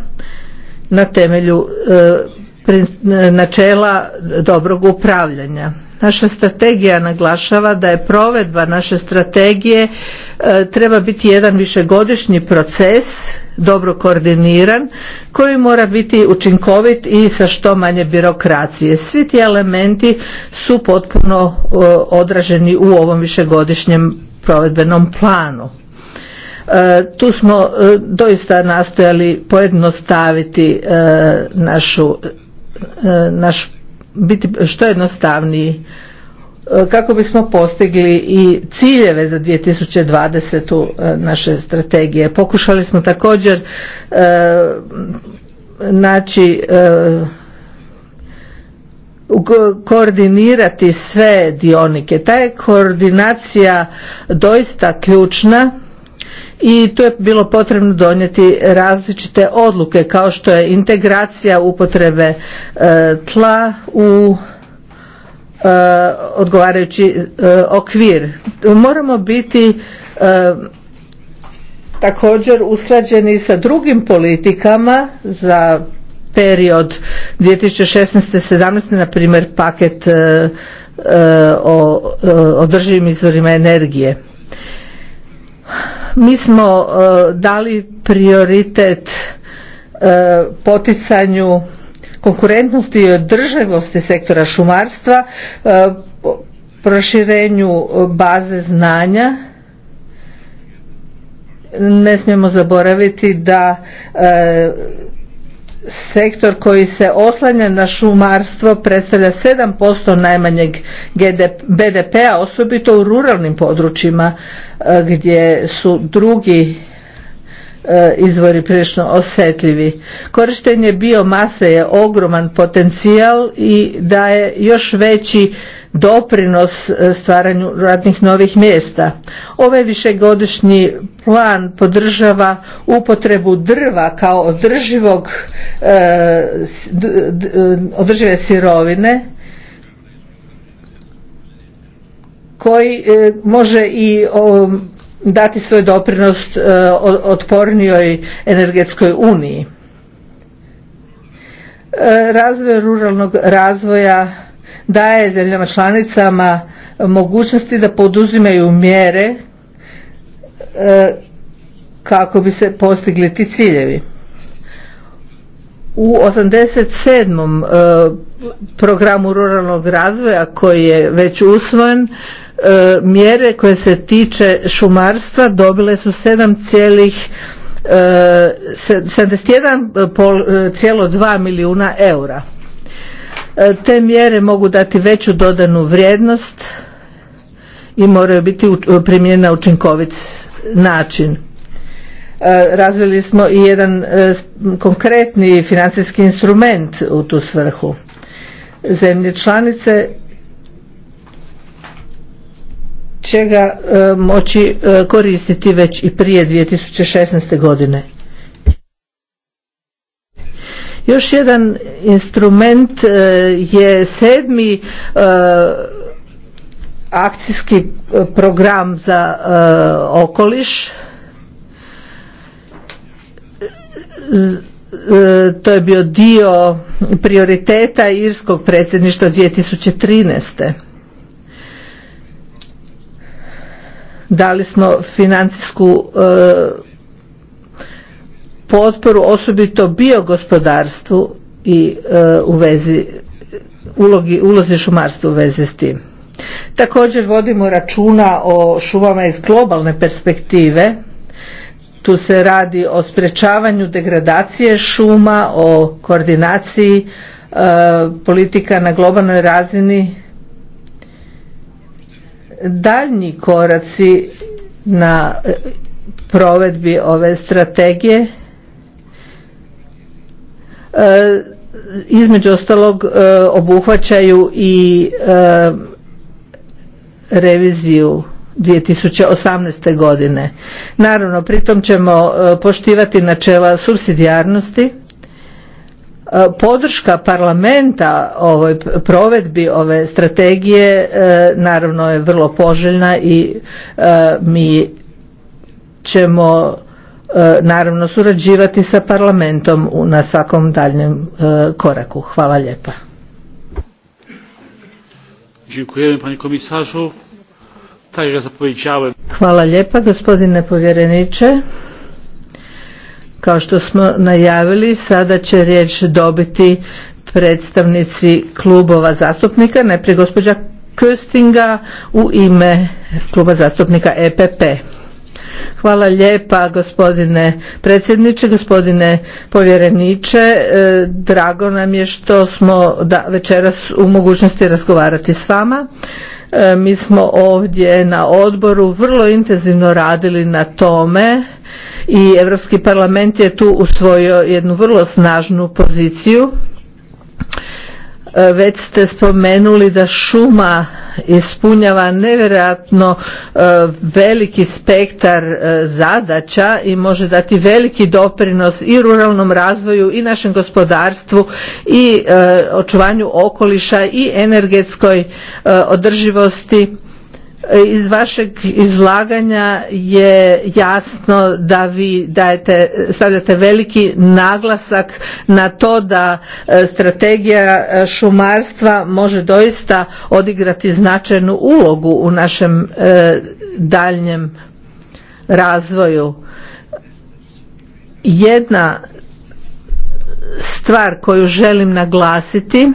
na temelju načela dobrog upravljanja. Naša strategija naglašava da je provedba naše strategije e, treba biti jedan višegodišnji proces, dobro koordiniran, koji mora biti učinkovit i sa što manje birokracije. Svi ti elementi su potpuno e, odraženi u ovom višegodišnjem provedbenom planu. E, tu smo doista nastojali pojednostaviti našu E, naš biti što jednostavniji e, kako bismo postigli i ciljeve za 2020. E, naše strategije. Pokušali smo također znači naći koordinirati sve dionike. Ta je koordinacija doista ključna i tu je bilo potrebno donijeti različite odluke kao što je integracija upotrebe e, tla u e, odgovarajući e, okvir. Moramo biti također usklađeni sa drugim politikama za period 2016 17 na primjer paket o održivim izvorima energije mi smo e, dali prioritet e, poticanju konkurentnosti i održivosti sektora šumarstva e, proširenju baze znanja ne smijemo zaboraviti da sektor koji se oslanja na šumarstvo predstavlja 7% najmanjeg BDP-a, osobito u ruralnim područjima e, gdje su drugi e, izvori prilično osjetljivi. Korištenje biomase je ogroman potencijal i daje još veći doprinos e, stvaranju radnih novih mjesta. Ovaj višegodišnji plan podržava upotrebu drva kao održivog e, održive sirovine koji e, može i dati svoj doprinos otpornijoj energetskoj uniji. Razvoj ruralnog razvoja daje zemljama članicama mogućnosti da poduzimaju mjere e, kako bi se postigli ti ciljevi. U 87. E, programu ruralnog razvoja koji je već usvojen, e, mjere koje se tiče šumarstva dobile su dva milijuna eura. E, te mjere mogu dati veću dodanu vrijednost i moraju biti primijenjene na učinkovit način. E, razvili smo i jedan e, konkretni financijski instrument u tu svrhu. Zemlje članice će ga moći koristiti već i prije 2016. godine. Još jedan instrument e, je sedmi e, akcijski program za e, okoliš to je bio dio prioriteta irskog predsjedništva 2013. Dali smo financijsku potporu osobito biogospodarstvu i e, u vezi ulogi, ulozi šumarstva u vezi s tim. Također vodimo računa o šumama iz globalne perspektive. Tu se radi o sprečavanju degradacije šuma, o koordinaciji e, politika na globalnoj razini. Daljnji koraci na e, provedbi ove strategije E, između ostalog e, obuhvaćaju i e, reviziju 2018. godine. Naravno, pritom ćemo poštivati načela subsidijarnosti. Podrška parlamenta ovoj provedbi ove strategije naravno je vrlo poželjna i mi ćemo E, naravno surađivati sa parlamentom na svakom daljnjem e, koraku. Hvala lijepa. Hvala lijepa gospodine povjereniče. Kao što smo najavili, sada će riječ dobiti predstavnici klubova zastupnika, najprije gospođa Köstinga u ime kluba zastupnika EPP. Hvala lijepa gospodine predsjedniče, gospodine povjereniče. E, drago nam je što smo večeras u mogućnosti razgovarati s vama. E, mi smo ovdje na odboru vrlo intenzivno radili na tome i Europski parlament je tu usvojio jednu vrlo snažnu poziciju E, već ste spomenuli da šuma ispunjava nevjerojatno e, veliki spektar e, zadaća i može dati veliki doprinos i ruralnom razvoju i našem gospodarstvu i očuvanju okoliša i energetskoj održivosti iz vašeg izlaganja je jasno da vi dajete, stavljate veliki naglasak na to da e, strategija e, šumarstva može doista odigrati značajnu ulogu u našem e, daljnjem razvoju. Jedna stvar koju želim naglasiti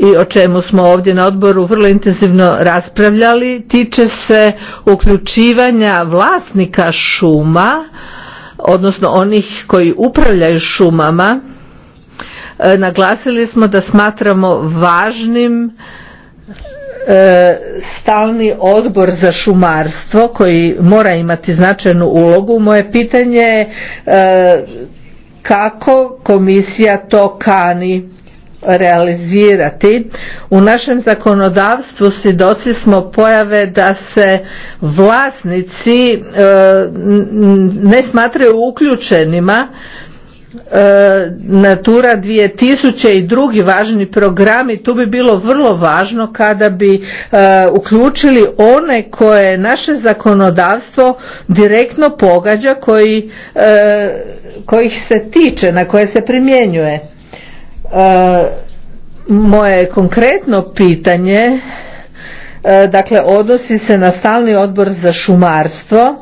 i o čemu smo ovdje na odboru vrlo intenzivno raspravljali tiče se uključivanja vlasnika šuma odnosno onih koji upravljaju šumama e, naglasili smo da smatramo važnim e, stalni odbor za šumarstvo koji mora imati značajnu ulogu moje pitanje je e, kako komisija to kani realizirati. U našem zakonodavstvu svjedoci smo pojave da se vlasnici e, ne smatraju uključenima e, Natura 2000 i drugi važni programi, tu bi bilo vrlo važno kada bi e, uključili one koje naše zakonodavstvo direktno pogađa, kojih se tiče, na koje se primjenjuje moje konkretno pitanje e, dakle odnosi se na stalni odbor za šumarstvo e,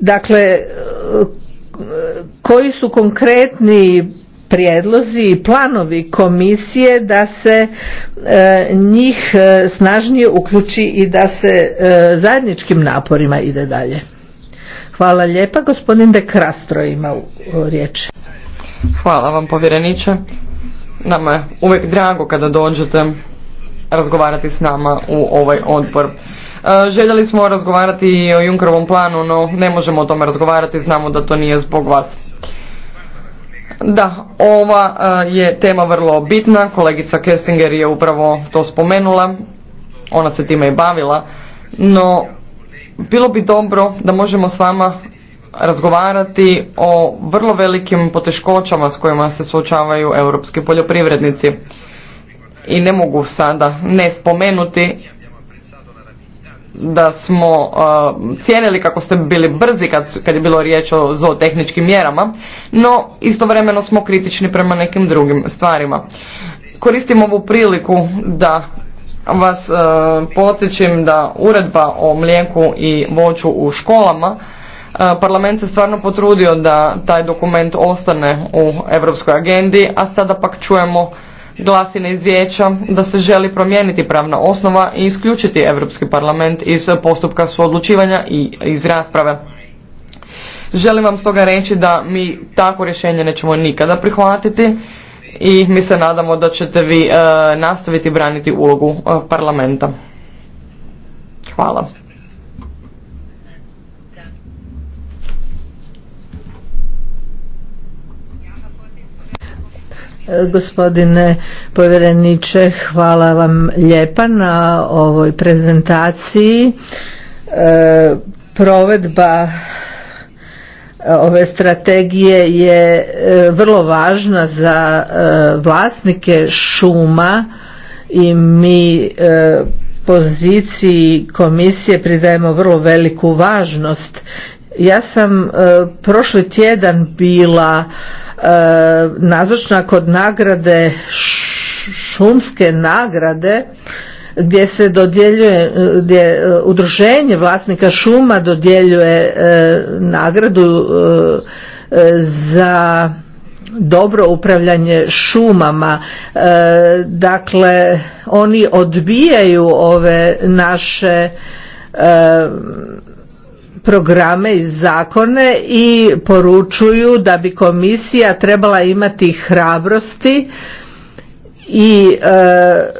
dakle e, koji su konkretni prijedlozi i planovi komisije da se njih snažnije uključi i da se zajedničkim naporima ide dalje. Hvala lijepa. Gospodin De Krastro ima riječ. Hvala vam povjereniče. Nama je uvijek drago kada dođete razgovarati s nama u ovaj odbor. E, željeli smo razgovarati i o Junkerovom planu, no ne možemo o tome razgovarati, znamo da to nije zbog vas. Da, ova e, je tema vrlo bitna, kolegica Kestinger je upravo to spomenula, ona se time i bavila, no bilo bi dobro da možemo s vama razgovarati o vrlo velikim poteškoćama s kojima se suočavaju europski poljoprivrednici. I ne mogu sada ne spomenuti da smo cijenili kako ste bili brzi kad, kad je bilo riječ o zootehničkim mjerama, no istovremeno smo kritični prema nekim drugim stvarima. Koristim ovu priliku da vas uh, da uredba o mlijeku i voću u školama E, parlament se stvarno potrudio da taj dokument ostane u europskoj agendi, a sada pak čujemo glasine iz vijeća da se želi promijeniti pravna osnova i isključiti Europski parlament iz postupka suodlučivanja i iz rasprave. Želim vam stoga reći da mi takvo rješenje nećemo nikada prihvatiti i mi se nadamo da ćete vi e, nastaviti braniti ulogu e, parlamenta. Hvala. Gospodine povjereniče, hvala vam lijepa na ovoj prezentaciji. E, provedba e, ove strategije je e, vrlo važna za vlasnike šuma i mi poziciji komisije pridajemo vrlo veliku važnost. Ja sam prošli tjedan bila E, nazočna kod nagrade šumske nagrade gdje se dodjeljuje gdje e, udruženje vlasnika šuma dodjeljuje e, nagradu za dobro upravljanje šumama dakle oni odbijaju ove naše programe i zakone i poručuju da bi komisija trebala imati hrabrosti i e,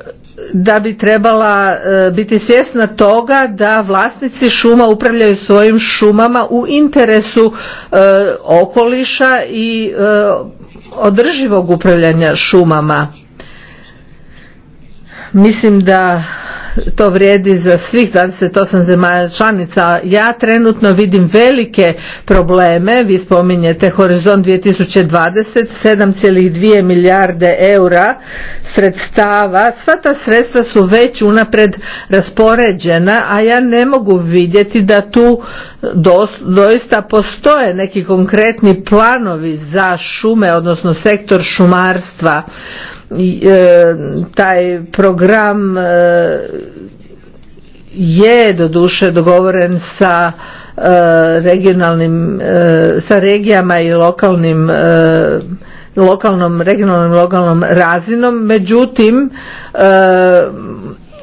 da bi trebala e, biti svjesna toga da vlasnici šuma upravljaju svojim šumama u interesu e, okoliša i održivog upravljanja šumama. Mislim da to vrijedi za svih 28 zemalja članica. Ja trenutno vidim velike probleme, vi spominjete Horizont 2020, 7,2 milijarde eura sredstava. Sva ta sredstva su već unapred raspoređena, a ja ne mogu vidjeti da tu doista postoje neki konkretni planovi za šume, odnosno sektor šumarstva. E, taj program e, je doduše dogovoren sa e, regionalnim sa regijama i lokalnim lokalnom regionalnom lokalnom razinom međutim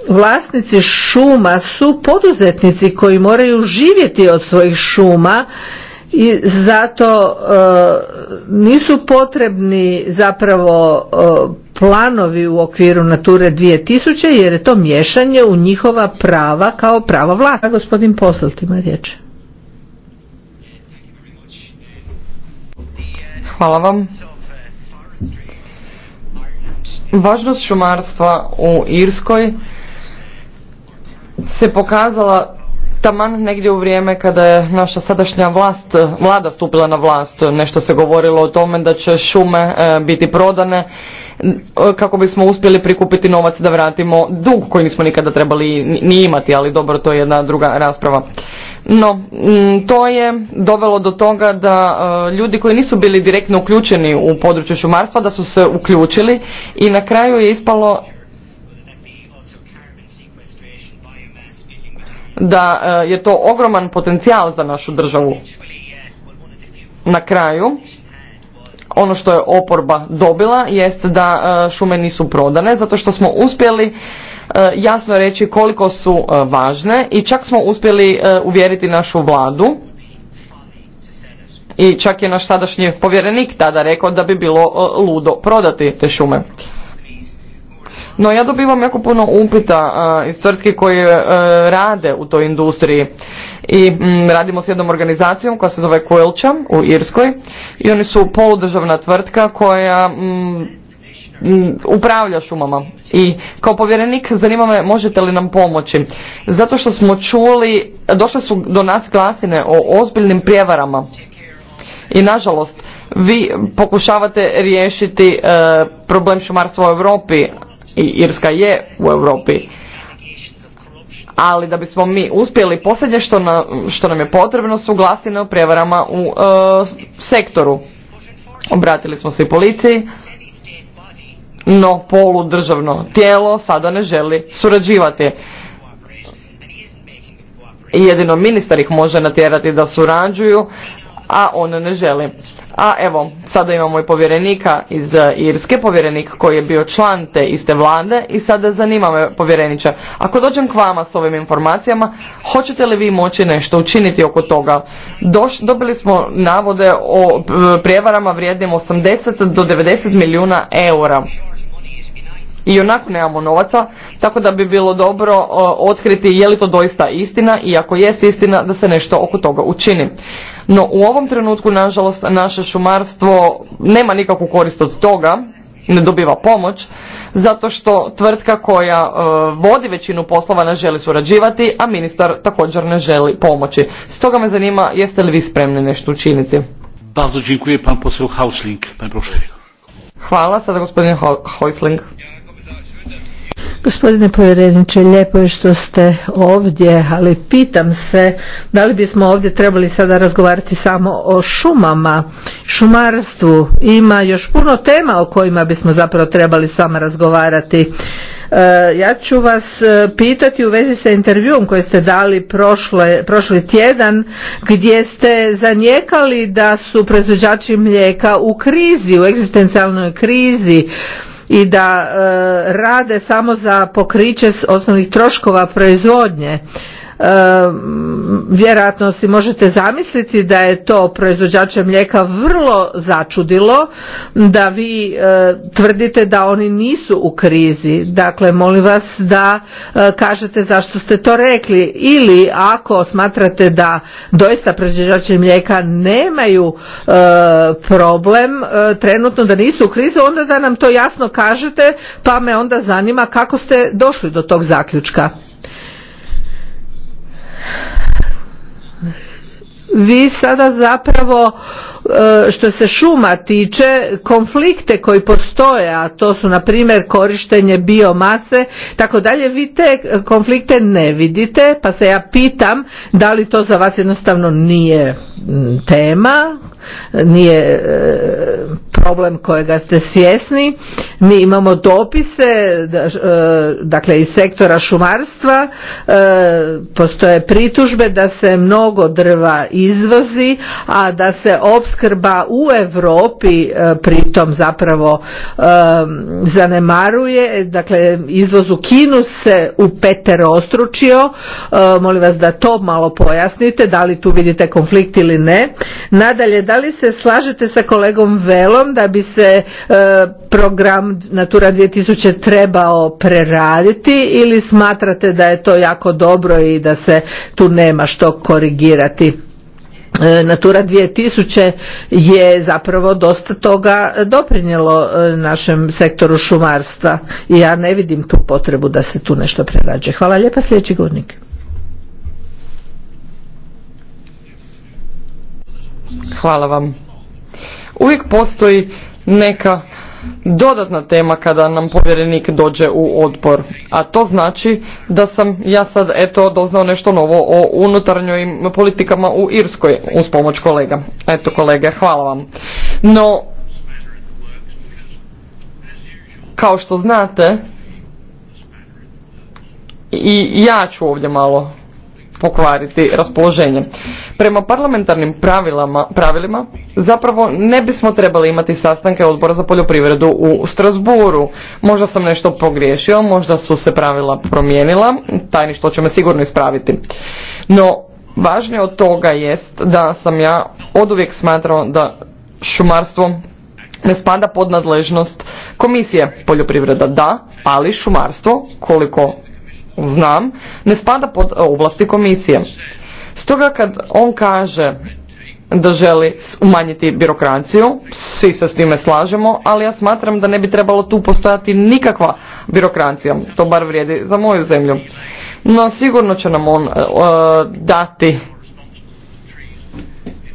vlasnici šuma su poduzetnici koji moraju živjeti od svojih šuma i zato nisu potrebni zapravo planovi u okviru Nature 2000 jer je to miješanje u njihova prava kao prava vlasti. Gospodin ti ima riječ. Hvala vam. Važnost šumarstva u Irskoj se pokazala taman negdje u vrijeme kada je naša sadašnja vlast, vlada stupila na vlast. Nešto se govorilo o tome da će šume e, biti prodane kako bismo uspjeli prikupiti novac da vratimo dug koji nismo nikada trebali ni imati, ali dobro, to je jedna druga rasprava. No, to je dovelo do toga da e, ljudi koji nisu bili direktno uključeni u području šumarstva, da su se uključili i na kraju je ispalo da e, je to ogroman potencijal za našu državu. Na kraju, ono što je oporba dobila jest da e, šume nisu prodane zato što smo uspjeli e, jasno reći koliko su e, važne i čak smo uspjeli uvjeriti našu vladu i čak je naš tadašnji povjerenik tada rekao da bi bilo ludo prodati te šume. No ja dobivam jako puno upita iz tvrtki koje e, rade u toj industriji i mm, radimo s jednom organizacijom koja se zove Quilcha u Irskoj i oni su poludržavna tvrtka koja mm, mm, upravlja šumama i kao povjerenik zanima me možete li nam pomoći zato što smo čuli došle su do nas glasine o ozbiljnim prijevarama i nažalost vi pokušavate riješiti e, problem šumarstva u Europi, i Irska je u Europi. Ali da bismo mi uspjeli, posljednje što, što nam je potrebno su glasine o prijevarama u e, sektoru. Obratili smo se i policiji, no poludržavno tijelo sada ne želi surađivati. Jedino ministar ih može natjerati da surađuju, a on ne želi. A evo, sada imamo i povjerenika iz e, Irske, povjerenik koji je bio član te iste vlade i sada zanima me povjereniče, ako dođem k vama s ovim informacijama, hoćete li vi moći nešto učiniti oko toga? dobili smo navode o prijevarama vrijednim 80 do 90 milijuna eura. I onako nemamo novaca, tako da bi bilo dobro e, otkriti je li to doista istina i ako jest istina da se nešto oko toga učini. No u ovom trenutku, nažalost, naše šumarstvo nema nikakvu korist od toga, ne dobiva pomoć, zato što tvrtka koja e, vodi većinu poslova ne želi surađivati, a ministar također ne želi pomoći. Stoga me zanima jeste li vi spremni nešto učiniti. Bardzo Hvala, sada gospodin Gospodine povjereniče, lijepo je što ste ovdje, ali pitam se da li bismo ovdje trebali sada razgovarati samo o šumama, šumarstvu. Ima još puno tema o kojima bismo zapravo trebali s vama razgovarati. E, ja ću vas e, pitati u vezi sa intervjuom koje ste dali prošle, prošli tjedan gdje ste zanijekali da su proizvođači mlijeka u krizi, u egzistencijalnoj krizi i da e, rade samo za pokriće osnovnih troškova proizvodnje vjerojatno si možete zamisliti da je to proizvođače mlijeka vrlo začudilo da vi e, tvrdite da oni nisu u krizi dakle molim vas da e, kažete zašto ste to rekli ili ako smatrate da doista proizvođači mlijeka nemaju e, problem trenutno da nisu u krizi onda da nam to jasno kažete pa me onda zanima kako ste došli do tog zaključka vi sada zapravo e, što se šuma tiče konflikte koji postoje a to su na primjer korištenje biomase tako dalje vi te konflikte ne vidite pa se ja pitam da li to za vas jednostavno nije tema nije e, problem kojega ste svjesni. Mi imamo dopise e, dakle iz sektora šumarstva e, postoje pritužbe da se mnogo drva izvozi, a da se opskrba u Europi pritom zapravo zanemaruje. Dakle izvoz u Kinu se u ostručio Molim vas da to malo pojasnite, da li tu vidite konflikt ili ne. Nadalje da li se slažete sa kolegom Velom da bi se e, program Natura 2000 trebao preraditi ili smatrate da je to jako dobro i da se tu nema što korigirati? E, Natura 2000 je zapravo dosta toga doprinjelo e, našem sektoru šumarstva i ja ne vidim tu potrebu da se tu nešto prerađe. Hvala lijepa sljedeći godnik Hvala vam. Uvijek postoji neka dodatna tema kada nam povjerenik dođe u odpor. A to znači da sam ja sad eto doznao nešto novo o unutarnjim politikama u Irskoj uz pomoć kolega. Eto kolege, hvala vam. No, kao što znate, i ja ću ovdje malo pokvariti raspoloženje. Prema parlamentarnim pravilima zapravo ne bismo trebali imati sastanke odbora za poljoprivredu u Strasburu. Možda sam nešto pogriješio, možda su se pravila promijenila, tajništvo će me sigurno ispraviti. No, važnije od toga jest da sam ja oduvijek smatrao da šumarstvo ne spada pod nadležnost komisije poljoprivreda da, ali šumarstvo koliko znam, ne spada pod e, oblasti komisije. Stoga kad on kaže da želi umanjiti birokraciju, svi se s time slažemo, ali ja smatram da ne bi trebalo tu postojati nikakva birokracija, to bar vrijedi za moju zemlju. No sigurno će nam on e, dati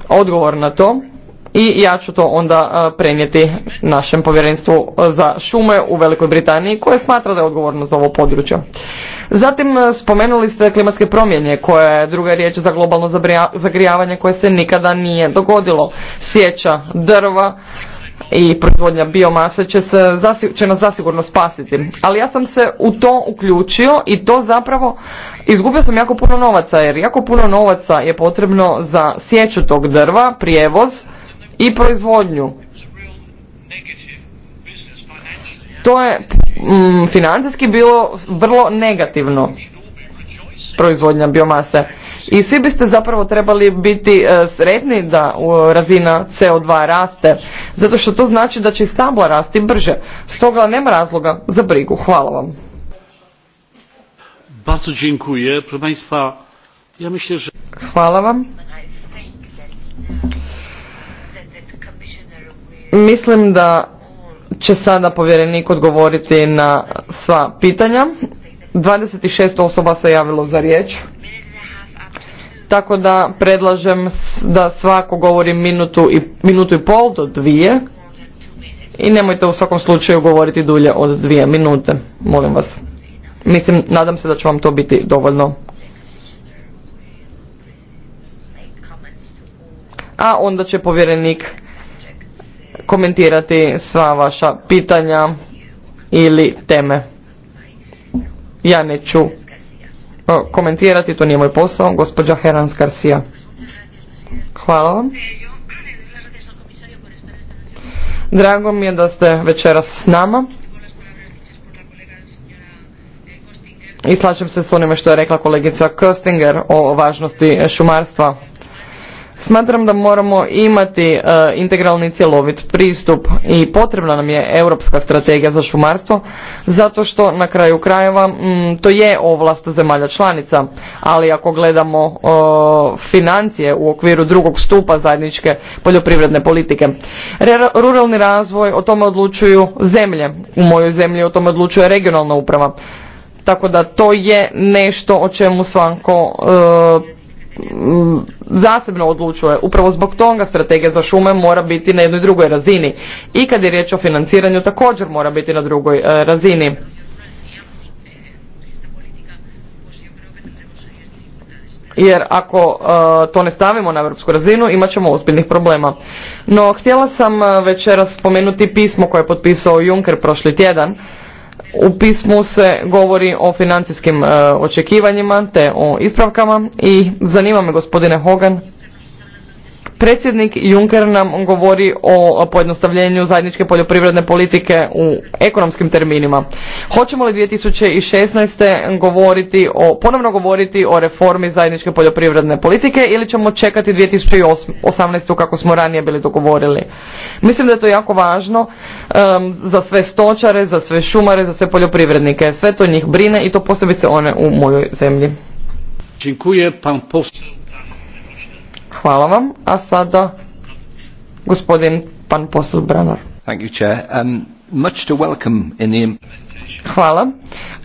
odgovor na to i ja ću to onda e, prenijeti našem povjerenstvu za šume u Velikoj Britaniji koje smatra da je odgovorno za ovo područje. Zatim e, spomenuli ste klimatske promjene koja je druga riječ za globalno zagrijavanje koje se nikada nije dogodilo. Sjeća drva i proizvodnja biomase će, se, će nas zasigurno spasiti. Ali ja sam se u to uključio i to zapravo izgubio sam jako puno novaca jer jako puno novaca je potrebno za sjeću tog drva, prijevoz i proizvodnju. To je mm, financijski bilo vrlo negativno proizvodnja biomase. I svi biste zapravo trebali biti e, sretni da u, razina CO2 raste, zato što to znači da će i stabla rasti brže. Stoga nema razloga za brigu. Hvala vam. Hvala vam. Mislim da će sada povjerenik odgovoriti na sva pitanja. 26 osoba se javilo za riječ. Tako da predlažem da svako govori minutu i, minutu i pol do dvije. I nemojte u svakom slučaju govoriti dulje od dvije minute. Molim vas. Mislim, nadam se da će vam to biti dovoljno. A onda će povjerenik komentirati sva vaša pitanja ili teme. Ja neću komentirati, to nije moj posao, gospođa Herans Garcia. Hvala vam. Drago mi je da ste večeras s nama. I slažem se s onime što je rekla kolegica Köstinger o važnosti šumarstva Smatram da moramo imati e, integralni cjelovit pristup i potrebna nam je europska strategija za šumarstvo zato što na kraju krajeva mm, to je ovlast zemalja članica, ali ako gledamo financije u okviru drugog stupa zajedničke poljoprivredne politike. Ruralni razvoj o tome odlučuju zemlje, u mojoj zemlji o tome odlučuje regionalna uprava. Tako da to je nešto o čemu svanko e, Mm, zasebno odlučuje. Upravo zbog toga strategija za šume mora biti na jednoj drugoj razini. I kad je riječ o financiranju također mora biti na drugoj e, razini. jer ako e, to ne stavimo na europsku razinu imat ćemo ozbiljnih problema. No htjela sam e, večeras spomenuti pismo koje je potpisao Juncker prošli tjedan u pismu se govori o financijskim e, očekivanjima te o ispravkama i zanima me gospodine Hogan Predsjednik Juncker nam govori o pojednostavljenju zajedničke poljoprivredne politike u ekonomskim terminima. Hoćemo li 2016. govoriti o, ponovno govoriti o reformi zajedničke poljoprivredne politike ili ćemo čekati 2018. kako smo ranije bili dogovorili? Mislim da je to jako važno za sve stočare, za sve šumare, za sve poljoprivrednike. Sve to njih brine i to posebice one u mojoj zemlji. Dziękuję pan Hvala vam. A sada gospodin pan posel Branar. Um, Hvala.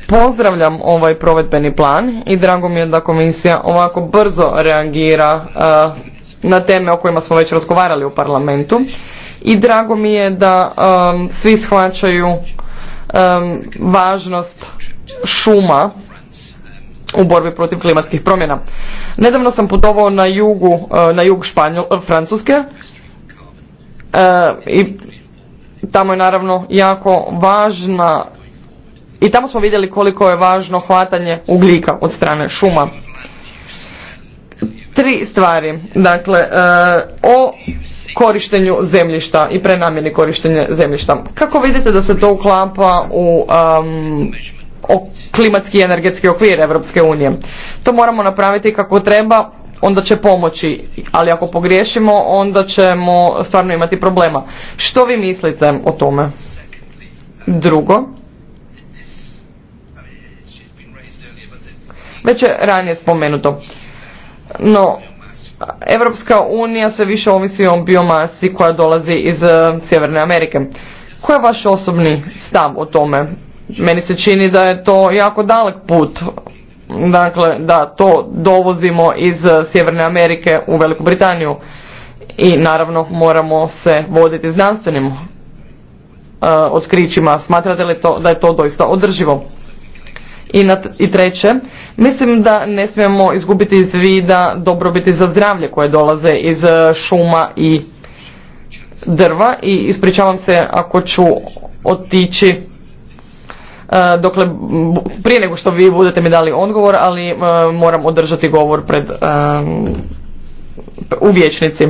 Pozdravljam ovaj provedbeni plan i drago mi je da komisija ovako brzo reagira uh, na teme o kojima smo već razgovarali u parlamentu i drago mi je da um, svi shvaćaju um, važnost šuma u borbi protiv klimatskih promjena. Nedavno sam putovao na, jugu, e, na jug Španjol, e, Francuske e, i tamo je naravno jako važna i tamo smo vidjeli koliko je važno hvatanje ugljika od strane šuma. Tri stvari, dakle, o korištenju zemljišta i prenamjeni korištenja zemljišta. Kako vidite da se to uklapa u klimatski i energetski okvir Europske unije. To moramo napraviti kako treba, onda će pomoći, ali ako pogriješimo, onda ćemo stvarno imati problema. Što vi mislite o tome? Drugo, već je ranije spomenuto. No, Evropska unija sve više ovisi o biomasi koja dolazi iz eh, Sjeverne Amerike. Koji je vaš osobni stav o tome? Meni se čini da je to jako dalek put, dakle da to dovozimo iz eh, Sjeverne Amerike u Veliku Britaniju i naravno moramo se voditi znanstvenim eh, otkrićima. Smatrate li to da je to doista održivo? I, na I treće, mislim da ne smijemo izgubiti iz vida dobrobiti za zdravlje koje dolaze iz eh, šuma i drva i ispričavam se ako ću otići E, dokle, prije nego što vi budete mi dali odgovor, ali e, moram održati govor pred, e, u vječnici.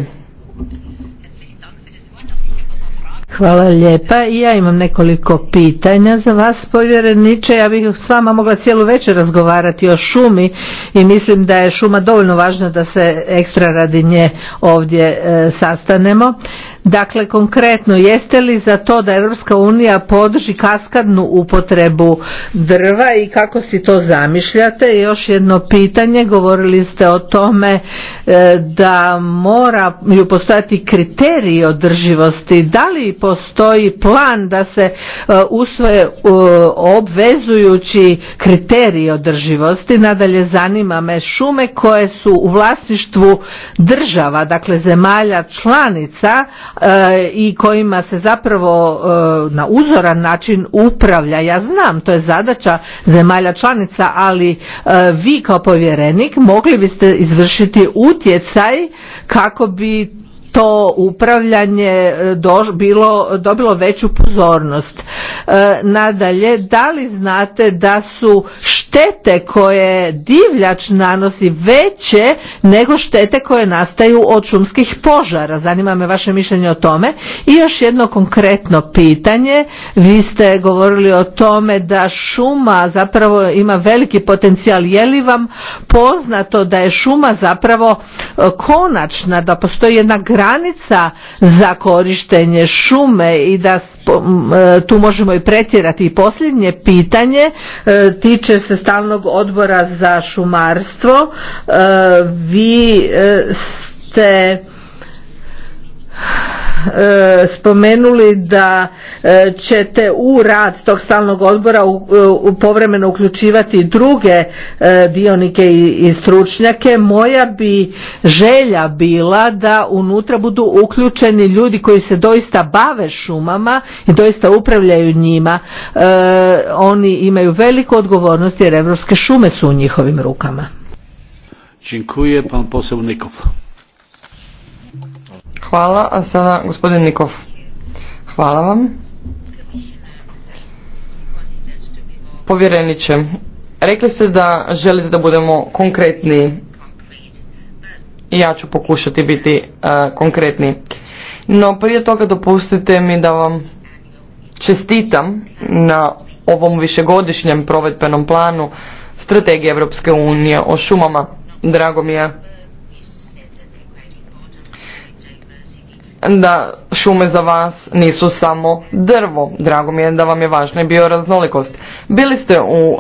Hvala lijepa. I ja imam nekoliko pitanja za vas, povjereniče. Ja bih s vama mogla cijelu večer razgovarati o šumi i mislim da je šuma dovoljno važna da se ekstra radi nje ovdje sastanemo. Dakle, konkretno, jeste li za to da Europska unija podrži kaskadnu upotrebu drva i kako si to zamišljate? još jedno pitanje, govorili ste o tome e, da moraju postojati kriteriji održivosti. Da li postoji plan da se e, usvoje e, obvezujući kriteriji održivosti? Nadalje, zanima me šume koje su u vlasništvu država, dakle zemalja članica, E, i kojima se zapravo e, na uzoran način upravlja. Ja znam, to je zadaća zemalja članica, ali e, vi kao povjerenik mogli biste izvršiti utjecaj kako bi to upravljanje bilo, dobilo veću pozornost. nadalje, da li znate da su štete koje divljač nanosi veće nego štete koje nastaju od šumskih požara. Zanima me vaše mišljenje o tome. I još jedno konkretno pitanje. Vi ste govorili o tome da šuma zapravo ima veliki potencijal. Je li vam poznato da je šuma zapravo e, konačna, da postoji jedna granica za korištenje šume i da e, tu možemo i pretjerati. I posljednje pitanje e, tiče se stalnog odbora za šumarstvo e, vi e, ste E, spomenuli da e, ćete u rad tog stalnog odbora e, povremeno uključivati druge dionike i stručnjake. Moja bi želja bila da unutra budu uključeni ljudi koji se doista bave šumama i doista upravljaju njima. Oni imaju veliku odgovornost jer evropske šume su u njihovim rukama. Dziękuję pan poseł Hvala, a sada gospodin Nikov. Hvala vam. Povjereniče, rekli ste da želite da budemo konkretni i ja ću pokušati biti e, konkretni. No prije toga dopustite mi da vam čestitam na ovom višegodišnjem provedbenom planu strategije Europske unije o šumama. Drago mi je da šume za vas nisu samo drvo. Drago mi je da vam je važna i bioraznolikost. Bili ste u e,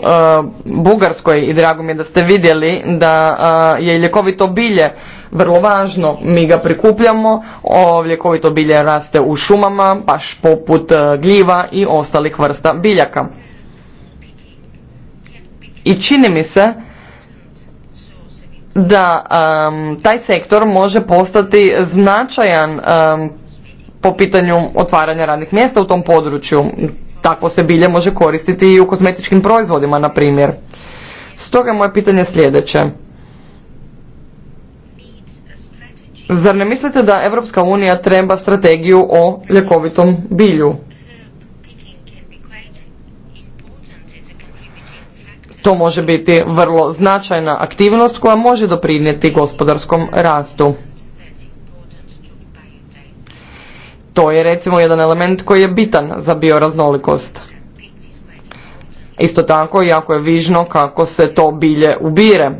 Bugarskoj i drago mi je da ste vidjeli da e, je ljekovito bilje vrlo važno. Mi ga prikupljamo, ljekovito bilje raste u šumama, baš poput e, gljiva i ostalih vrsta biljaka. I čini mi se da taj sektor može postati značajan po pitanju otvaranja radnih mjesta u tom području. Takvo se bilje može koristiti i u kozmetičkim proizvodima, na primjer. Stoga moje pitanje sljedeće. Zar ne mislite da Europska unija treba strategiju o ljekovitom bilju? To može biti vrlo značajna aktivnost koja može doprinijeti gospodarskom rastu. To je recimo jedan element koji je bitan za bioraznolikost. Isto tako jako je vižno kako se to bilje ubire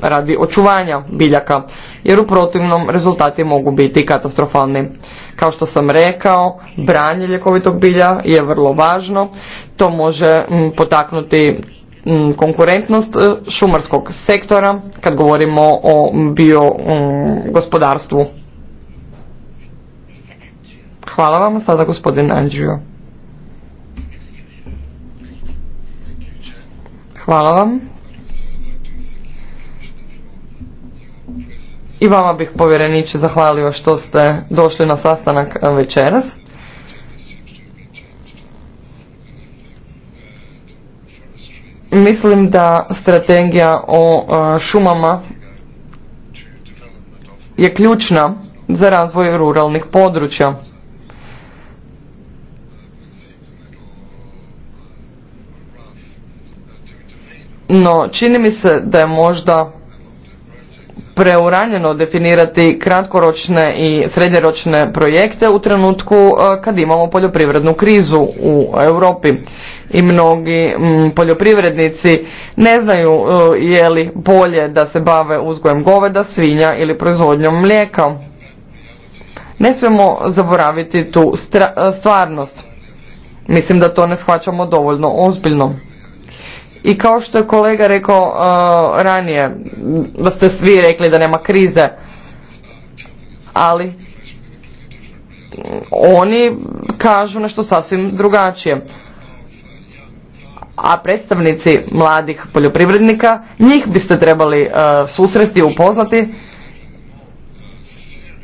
radi očuvanja biljaka, jer u protivnom rezultati mogu biti katastrofalni. Kao što sam rekao, branje ljekovitog bilja je vrlo važno, to može mm, potaknuti Mm, konkurentnost e, šumarskog sektora kad govorimo o bio mm, gospodarstvu. Hvala vam sada gospodin Andžio. Hvala vam. I vama bih povjereniče zahvalio što ste došli na sastanak večeras. Mislim da strategija o e, šumama je ključna za razvoj ruralnih područja. No, čini mi se da je možda preuranjeno definirati kratkoročne i srednjeročne projekte u trenutku e, kad imamo poljoprivrednu krizu u Europi i mnogi mm, poljoprivrednici ne znaju e, je li bolje da se bave uzgojem goveda, svinja ili proizvodnjom mlijeka. Ne smijemo zaboraviti tu e, stvarnost. Mislim da to ne shvaćamo dovoljno ozbiljno. I kao što je kolega rekao e, ranije, da ste svi rekli da nema krize, ali mm, oni kažu nešto sasvim drugačije a predstavnici mladih poljoprivrednika, njih biste trebali e, susresti i upoznati,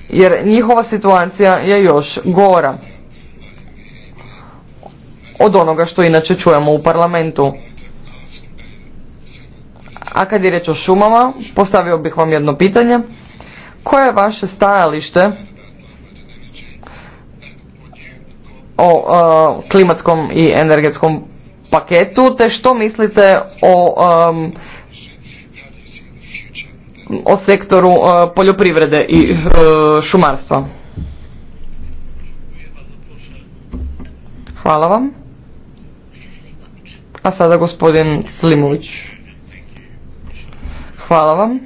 jer njihova situacija je još gora od onoga što inače čujemo u parlamentu. A kad je riječ o šumama, postavio bih vam jedno pitanje. Koje je vaše stajalište o e, klimatskom i energetskom paketu, te što mislite o, o sektoru e, poljoprivrede i e, šumarstva. Hvala vam. A sada gospodin Slimović. Hvala vam.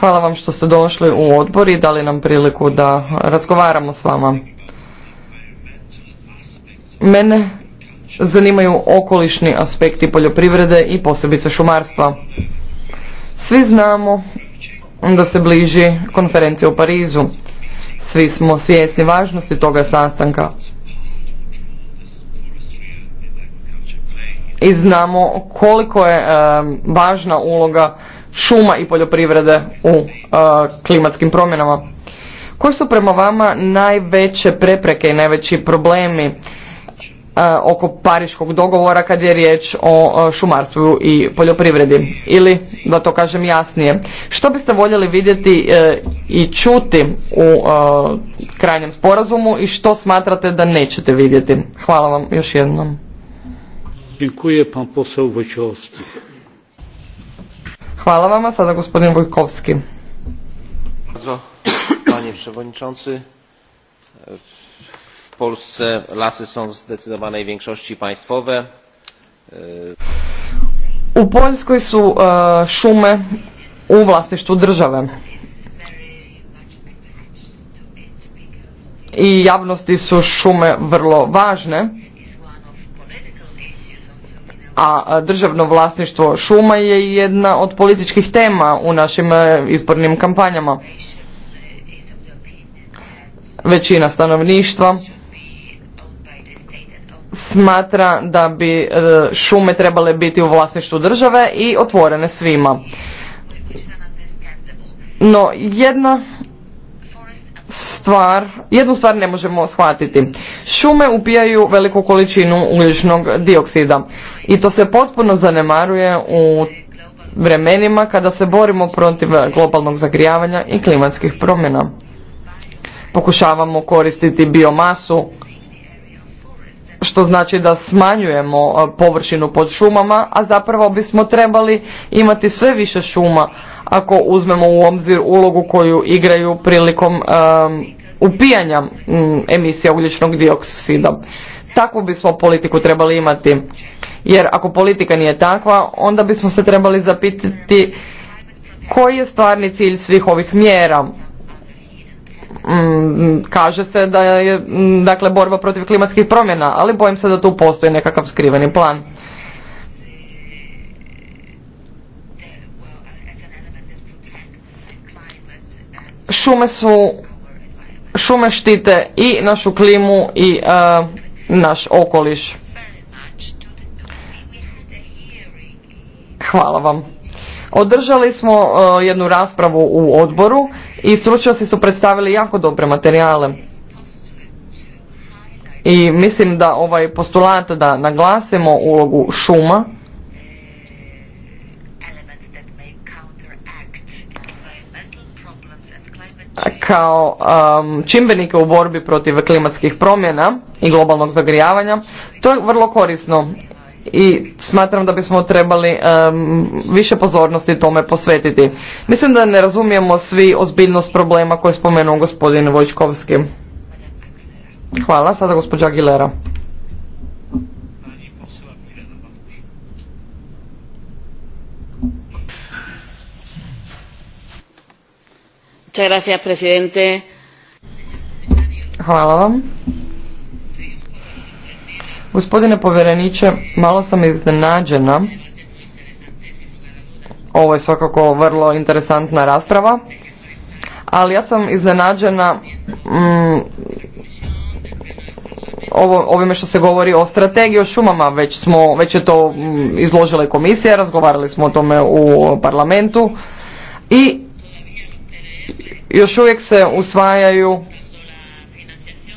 Hvala vam što ste došli u odbor i dali nam priliku da razgovaramo s vama. Mene zanimaju okolišni aspekti poljoprivrede i posebice šumarstva. Svi znamo da se bliži konferencija u Parizu. Svi smo svjesni važnosti toga sastanka. I znamo koliko je e, važna uloga šuma i poljoprivrede u e, klimatskim promjenama. Koje su prema vama najveće prepreke i najveći problemi E, oko pariškog dogovora kad je riječ o e, šumarstvu i poljoprivredi ili da to kažem jasnije što biste voljeli vidjeti e, i čuti u krajnjem sporazumu i što smatrate da nećete vidjeti hvala vam još jednom hvala vama sada gospodin przewodniczący, Polsce lasy są w zdecydowanej większości państwowe. U Poljskoj su šume e, u vlasništvu države. I javnosti su šume vrlo važne, a e, državno vlasništvo šuma je jedna od političkih tema u našim e, izbornim kampanjama. Većina stanovništva smatra da bi e, šume trebale biti u vlasništvu države i otvorene svima. No, jedna stvar, jednu stvar ne možemo shvatiti. Šume upijaju veliku količinu ugljičnog dioksida i to se potpuno zanemaruje u vremenima kada se borimo protiv globalnog zagrijavanja i klimatskih promjena. Pokušavamo koristiti biomasu što znači da smanjujemo e, površinu pod šumama, a zapravo bismo trebali imati sve više šuma ako uzmemo u obzir ulogu koju igraju prilikom e, upijanja um, emisija ugljičnog dioksida. Takvu bismo politiku trebali imati. Jer ako politika nije takva, onda bismo se trebali zapitati koji je stvarni cilj svih ovih mjera Mm, kaže se da je mm, dakle borba protiv klimatskih promjena, ali bojim se da tu postoji nekakav skriveni plan. Šume su šume štite i našu klimu i e, naš okoliš. Hvala vam. Održali smo e, jednu raspravu u odboru i stručnjaci su predstavili jako dobre materijale. I mislim da ovaj postulat da naglasimo ulogu šuma kao um, čimbenike u borbi protiv klimatskih promjena i globalnog zagrijavanja, to je vrlo korisno i smatram da bismo trebali više pozornosti tome posvetiti. Mislim da ne razumijemo svi ozbiljnost problema koje je spomenuo gospodin Vojčkovski. Hvala, sada gospođa Aguilera. Hvala vam. Gospodine povjereniče, malo sam iznenađena. Ovo je svakako vrlo interesantna rasprava, ali ja sam iznenađena mm, ovime što se govori o strategiji o šumama, već, smo, već je to mm, izložila i komisija, razgovarali smo o tome u parlamentu i još uvijek se usvajaju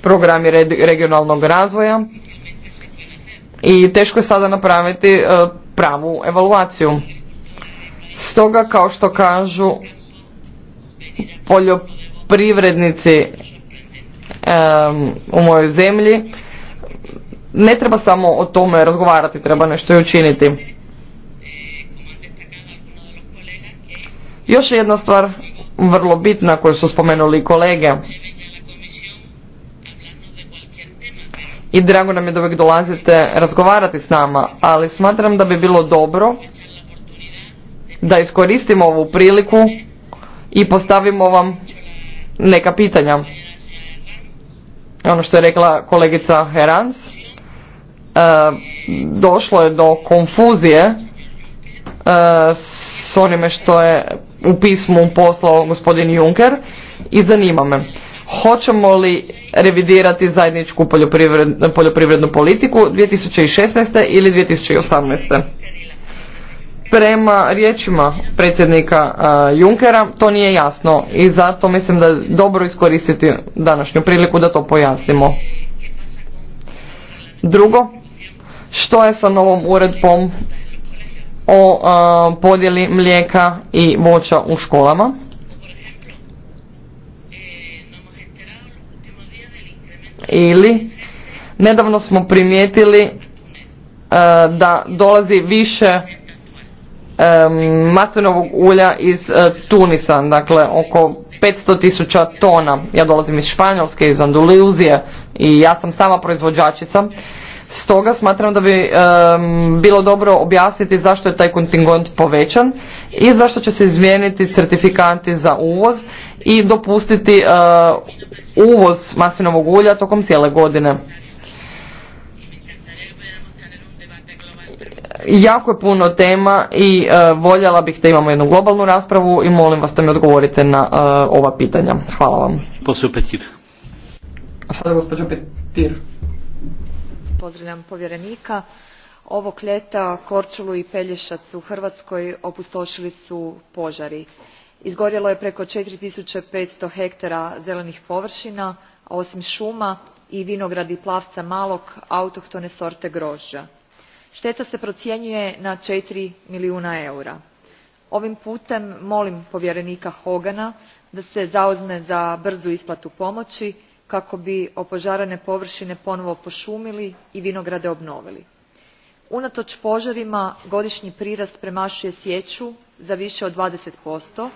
programi regionalnog razvoja i teško je sada napraviti e, pravu evaluaciju. Stoga, kao što kažu poljoprivrednici e, u mojoj zemlji, ne treba samo o tome razgovarati, treba nešto i učiniti. Još jedna stvar vrlo bitna koju su spomenuli kolege, i drago nam je da uvijek dolazite razgovarati s nama, ali smatram da bi bilo dobro da iskoristimo ovu priliku i postavimo vam neka pitanja. Ono što je rekla kolegica Herans, e, došlo je do konfuzije e, s onime što je u pismu poslao gospodin Juncker i zanima me hoćemo li revidirati zajedničku poljoprivrednu, poljoprivrednu politiku 2016. ili 2018. Prema riječima predsjednika Junkera to nije jasno i zato mislim da je dobro iskoristiti današnju priliku da to pojasnimo. Drugo, što je sa novom uredbom o podjeli mlijeka i voća u školama? Ili nedavno smo primijetili e, da dolazi više e, maslinovog ulja iz e, Tunisa, dakle oko 500 tisuća tona. Ja dolazim iz Španjolske, iz Andaluzije i ja sam sama proizvođačica. Stoga smatram da bi bilo dobro objasniti zašto je taj kontingent povećan i zašto će se izmijeniti certifikanti za uvoz i dopustiti e, uvoz maslinovog ulja tokom cijele godine. Jako je puno tema i e, voljela bih da imamo jednu globalnu raspravu i molim vas da mi odgovorite na e, ova pitanja. Hvala vam. Petir. A sada Petir. Pozdravljam povjerenika. Ovog ljeta Korčulu i Pelješac u Hrvatskoj opustošili su požari izgorjelo je preko four five hektara zelenih površina a osim šuma i vinogradi plavca malog autohtone sorte grožđa. šteta se procjenjuje na four milijuna eura. ovim putem molim povjerenika hogana da se zauzme za brzu isplatu pomoći kako bi opožarene površine ponovo pošumili i vinograde obnovili. unatoč požarima godišnji prirast premašuje sječu za više od twenty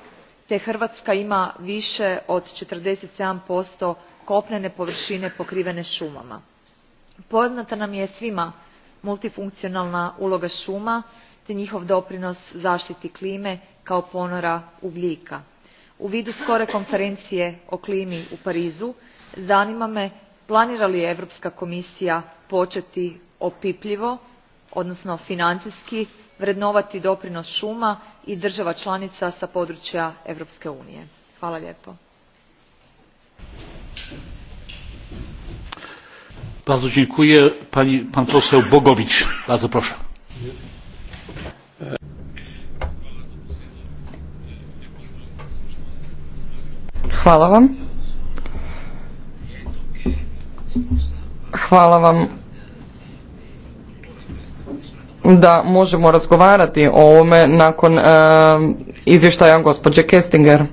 te hrvatska ima više od forty seven kopnene površine pokrivene šumama. poznata nam je svima multifunkcionalna uloga šuma te njihov doprinos zaštiti klime kao ponora ugljika. u vidu skore konferencije o klimi u parizu zanima me planira li europska komisija početi opipljivo odnosno financijski vrednovati doprinos šuma i država članica sa područja europske unije. hvala da možemo razgovarati o ovome nakon e, izvještaja gospođe Kestinger.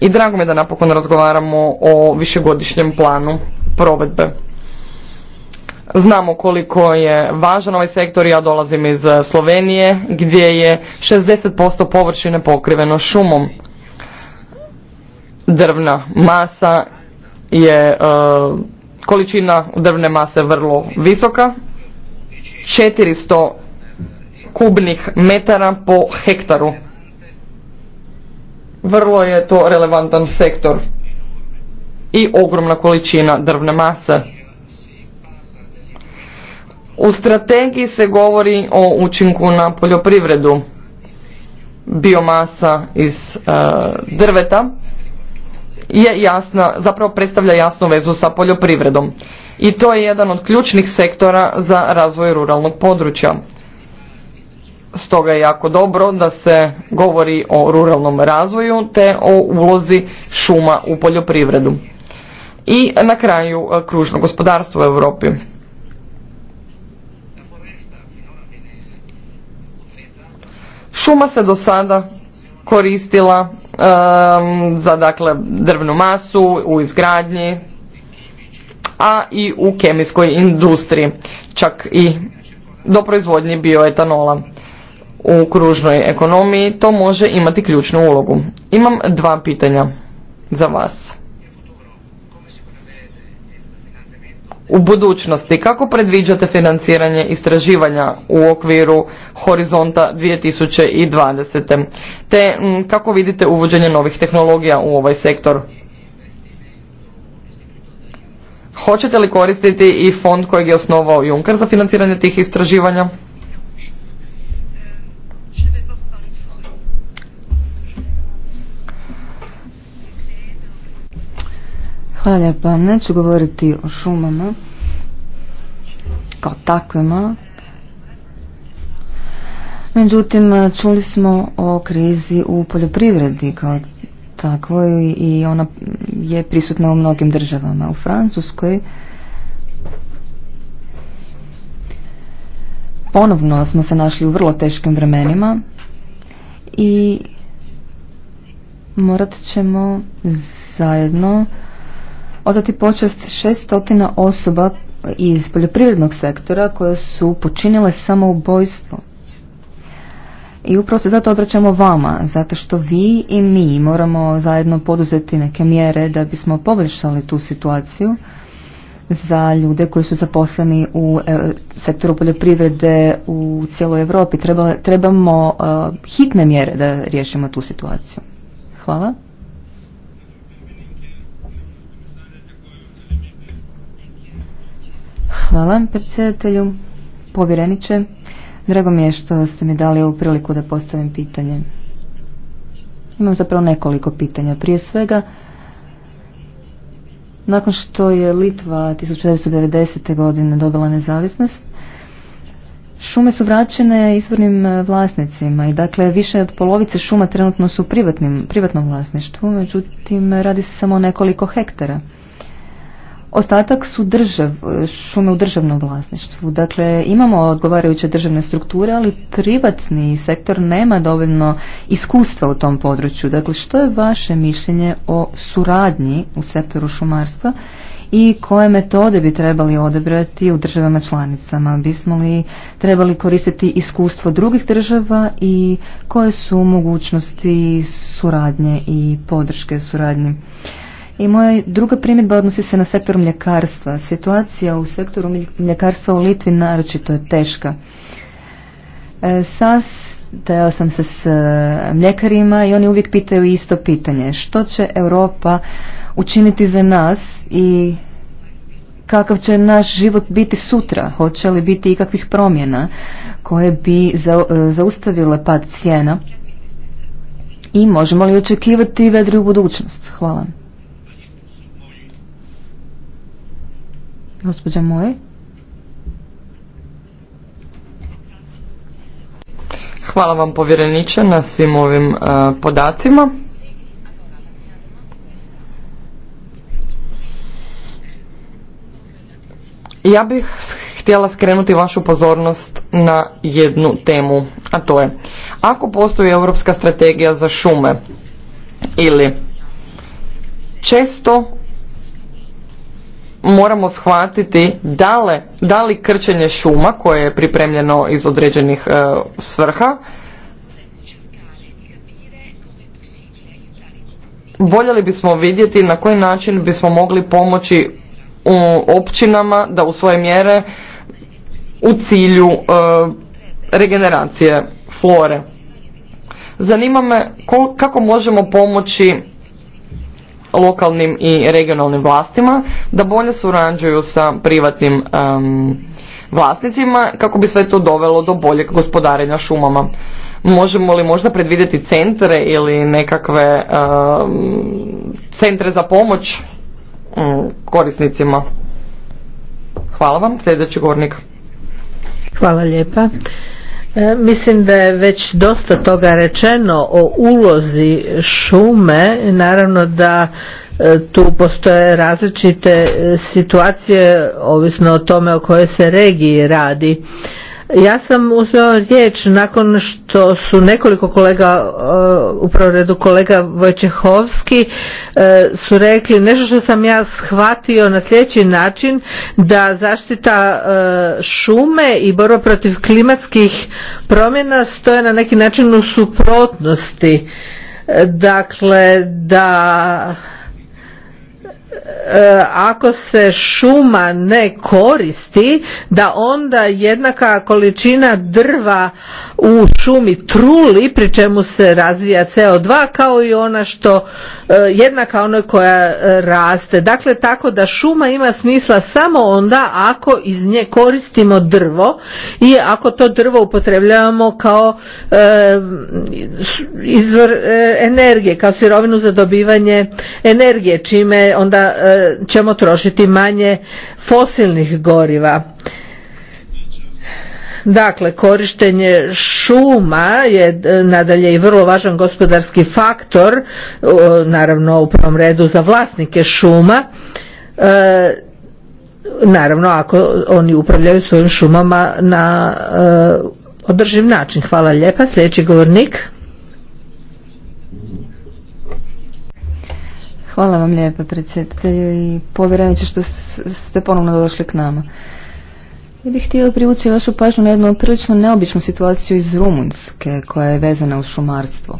I drago mi da napokon razgovaramo o višegodišnjem planu provedbe. Znamo koliko je važan ovaj sektor, ja dolazim iz e, Slovenije gdje je 60% površine pokriveno šumom. Drvna masa je, e, količina drvne mase vrlo visoka 400 kubnih metara po hektaru. Vrlo je to relevantan sektor i ogromna količina drvne mase. U strategiji se govori o učinku na poljoprivredu. Biomasa iz e, drveta je jasna, zapravo predstavlja jasnu vezu sa poljoprivredom i to je jedan od ključnih sektora za razvoj ruralnog područja. Stoga je jako dobro da se govori o ruralnom razvoju te o ulozi šuma u poljoprivredu. I na kraju e, kružno gospodarstvo u Europi. Šuma se do sada koristila za dakle drvnu masu u izgradnji a i u kemijskoj industriji, čak i do proizvodnje bioetanola. U kružnoj ekonomiji to može imati ključnu ulogu. Imam dva pitanja za vas. U budućnosti, kako predviđate financiranje istraživanja u okviru Horizonta 2020. Te mm, kako vidite uvođenje novih tehnologija u ovaj sektor? Hoćete li koristiti i fond kojeg je osnovao Juncker za financiranje tih istraživanja? Hvala lijepa. Neću govoriti o šumama kao takvima. Međutim, čuli smo o krizi u poljoprivredi kao takvo i ona je prisutna u mnogim državama. U Francuskoj ponovno smo se našli u vrlo teškim vremenima i morat ćemo zajedno odati počest 600 osoba iz poljoprivrednog sektora koje su počinile samoubojstvo i upravo se zato obraćamo vama, zato što vi i mi moramo zajedno poduzeti neke mjere da bismo poboljšali tu situaciju za ljude koji su zaposleni u e, sektoru poljoprivrede u cijeloj Europi. trebamo e, hitne mjere da riješimo tu situaciju. Hvala. Hvala predsjedatelju, povjereniče. Drago mi je što ste mi dali ovu priliku da postavim pitanje. Imam zapravo nekoliko pitanja. Prije svega, nakon što je Litva 1990. godine dobila nezavisnost, šume su vraćene izvornim e, vlasnicima i dakle više od polovice šuma trenutno su u privatnom vlasništvu, međutim radi se samo o nekoliko hektara. Ostatak su šume u državnom vlasništvu. Dakle, imamo odgovarajuće državne strukture, ali privatni sektor nema dovoljno iskustva u tom području. Dakle, što je vaše mišljenje o suradnji u sektoru šumarstva i koje metode bi trebali odebrati u državama članicama? Bismo li trebali koristiti iskustvo drugih država i koje su mogućnosti suradnje i podrške suradnje? I moja druga primjedba odnosi se na sektor mljekarstva. Situacija u sektoru mljekarstva u Litvi naročito je teška. E, Sastajao sam se s e, mljekarima i oni uvijek pitaju isto pitanje. Što će Europa učiniti za nas i kakav će naš život biti sutra? Hoće li biti ikakvih promjena koje bi e, zaustavile pad cijena? I možemo li očekivati u budućnost? Hvala. Gospođa Moje. Hvala vam povjereniče na svim ovim e, podacima. Ja bih htjela skrenuti vašu pozornost na jednu temu, a to je ako postoji europska strategija za šume ili često moramo shvatiti li, da li krčenje šuma koje je pripremljeno iz određenih e, svrha voljeli bismo vidjeti na koji način bismo mogli pomoći u općinama da u svoje mjere u cilju e, regeneracije flore zanima me kako možemo pomoći lokalnim i regionalnim vlastima da bolje surađuju sa privatnim vlasnicima kako bi sve to dovelo do boljeg gospodarenja šumama. Možemo li možda predvidjeti centre ili nekakve centre za pomoć mm, korisnicima? Hvala vam, sljedeći govornik. Hvala lijepa. E, mislim da je već dosta toga rečeno o ulozi šume, naravno da e, tu postoje različite e, situacije ovisno o tome o kojoj se regiji radi ja sam uzeo riječ nakon što su nekoliko kolega e, u proredu kolega Vojčehovski e, su rekli nešto što sam ja shvatio na sljedeći način da zaštita e, šume i borba protiv klimatskih promjena stoje na neki način u suprotnosti dakle da E, ako se šuma ne koristi da onda jednaka količina drva u šumi truli, pri čemu se razvija CO2, kao i ona što, e, jednaka onoj koja e, raste. Dakle, tako da šuma ima smisla samo onda ako iz nje koristimo drvo i ako to drvo upotrebljavamo kao e, izvor energije, kao sirovinu za dobivanje energije, čime onda ćemo trošiti manje fosilnih goriva. Dakle, korištenje šuma je e, nadalje i vrlo važan gospodarski faktor, e, naravno u prvom redu za vlasnike šuma. E, naravno ako oni upravljaju svojim šumama na održiv način. Hvala lijepa. Sljedeći govornik. Hvala vam lijepa predsjedatelju i povjereniče što ste ponovno došli k nama. Ja bih htio privući vašu pažnju na jednu prilično neobičnu situaciju iz Rumunjske koja je vezana u šumarstvo.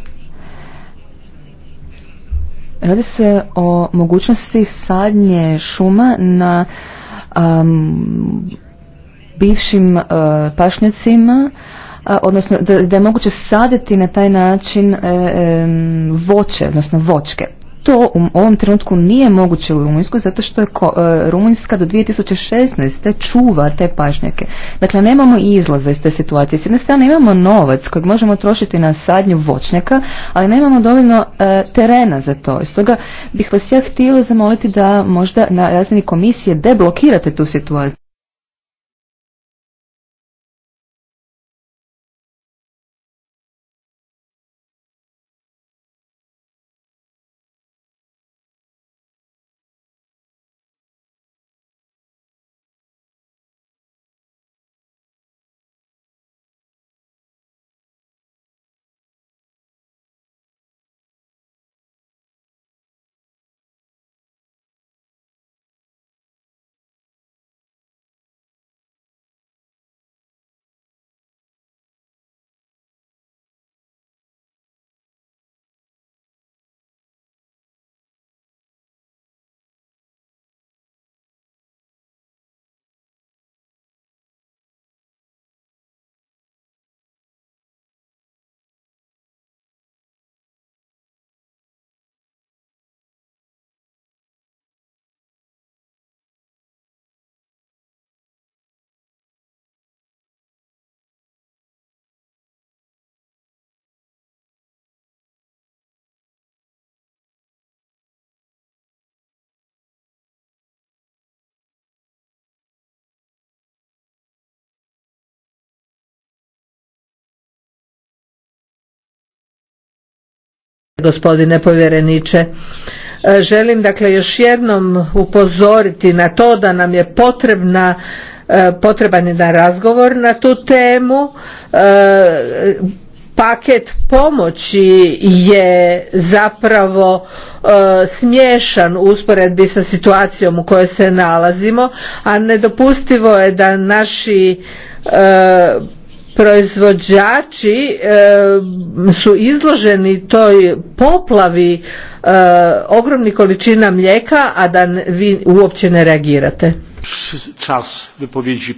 Radi se o mogućnosti sadnje šuma na bivšim e, pašnjacima, odnosno da, je moguće saditi na taj način um, voće, odnosno vočke to u ovom trenutku nije moguće u Rumunjskoj zato što je e, Rumunjska do 2016. čuva te pašnjake. Dakle, nemamo izlaza iz te situacije. S jedne strane imamo novac kojeg možemo trošiti na sadnju voćnjaka, ali nemamo dovoljno e, terena za to. Stoga bih vas ja htio zamoliti da možda na razini komisije deblokirate tu situaciju. gospodine povjereniče. E, želim dakle još jednom upozoriti na to da nam je potrebna e, potreban jedan razgovor na tu temu. E, paket pomoći je zapravo smješan u usporedbi sa situacijom u kojoj se nalazimo, a nedopustivo je da naši proizvođači su izloženi toj poplavi e, ogromnih količina mlijeka, a da vi uopće ne reagirate. Čas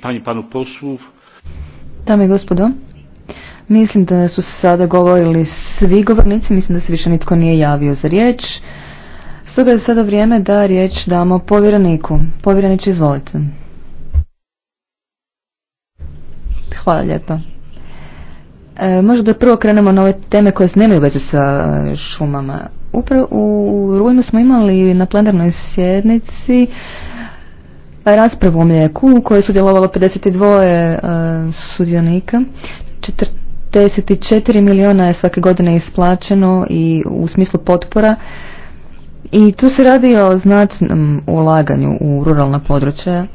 pani panu Dame i gospodo, mislim da su sada govorili svi govornici, mislim da se više nitko nije javio za riječ. Stoga je sada vrijeme da riječ damo povjereniku. Povjereniče, izvolite. Hvala lijepa. E, možda da prvo krenemo na ove teme koje nemaju veze sa šumama. Upravo u rujnu smo imali na plenarnoj sjednici raspravu o mlijeku u kojoj je sudjelovalo 52 e, sudionika. 44 milijuna je svake godine isplaćeno i u smislu potpora i tu se radi o znatnom ulaganju u ruralna područja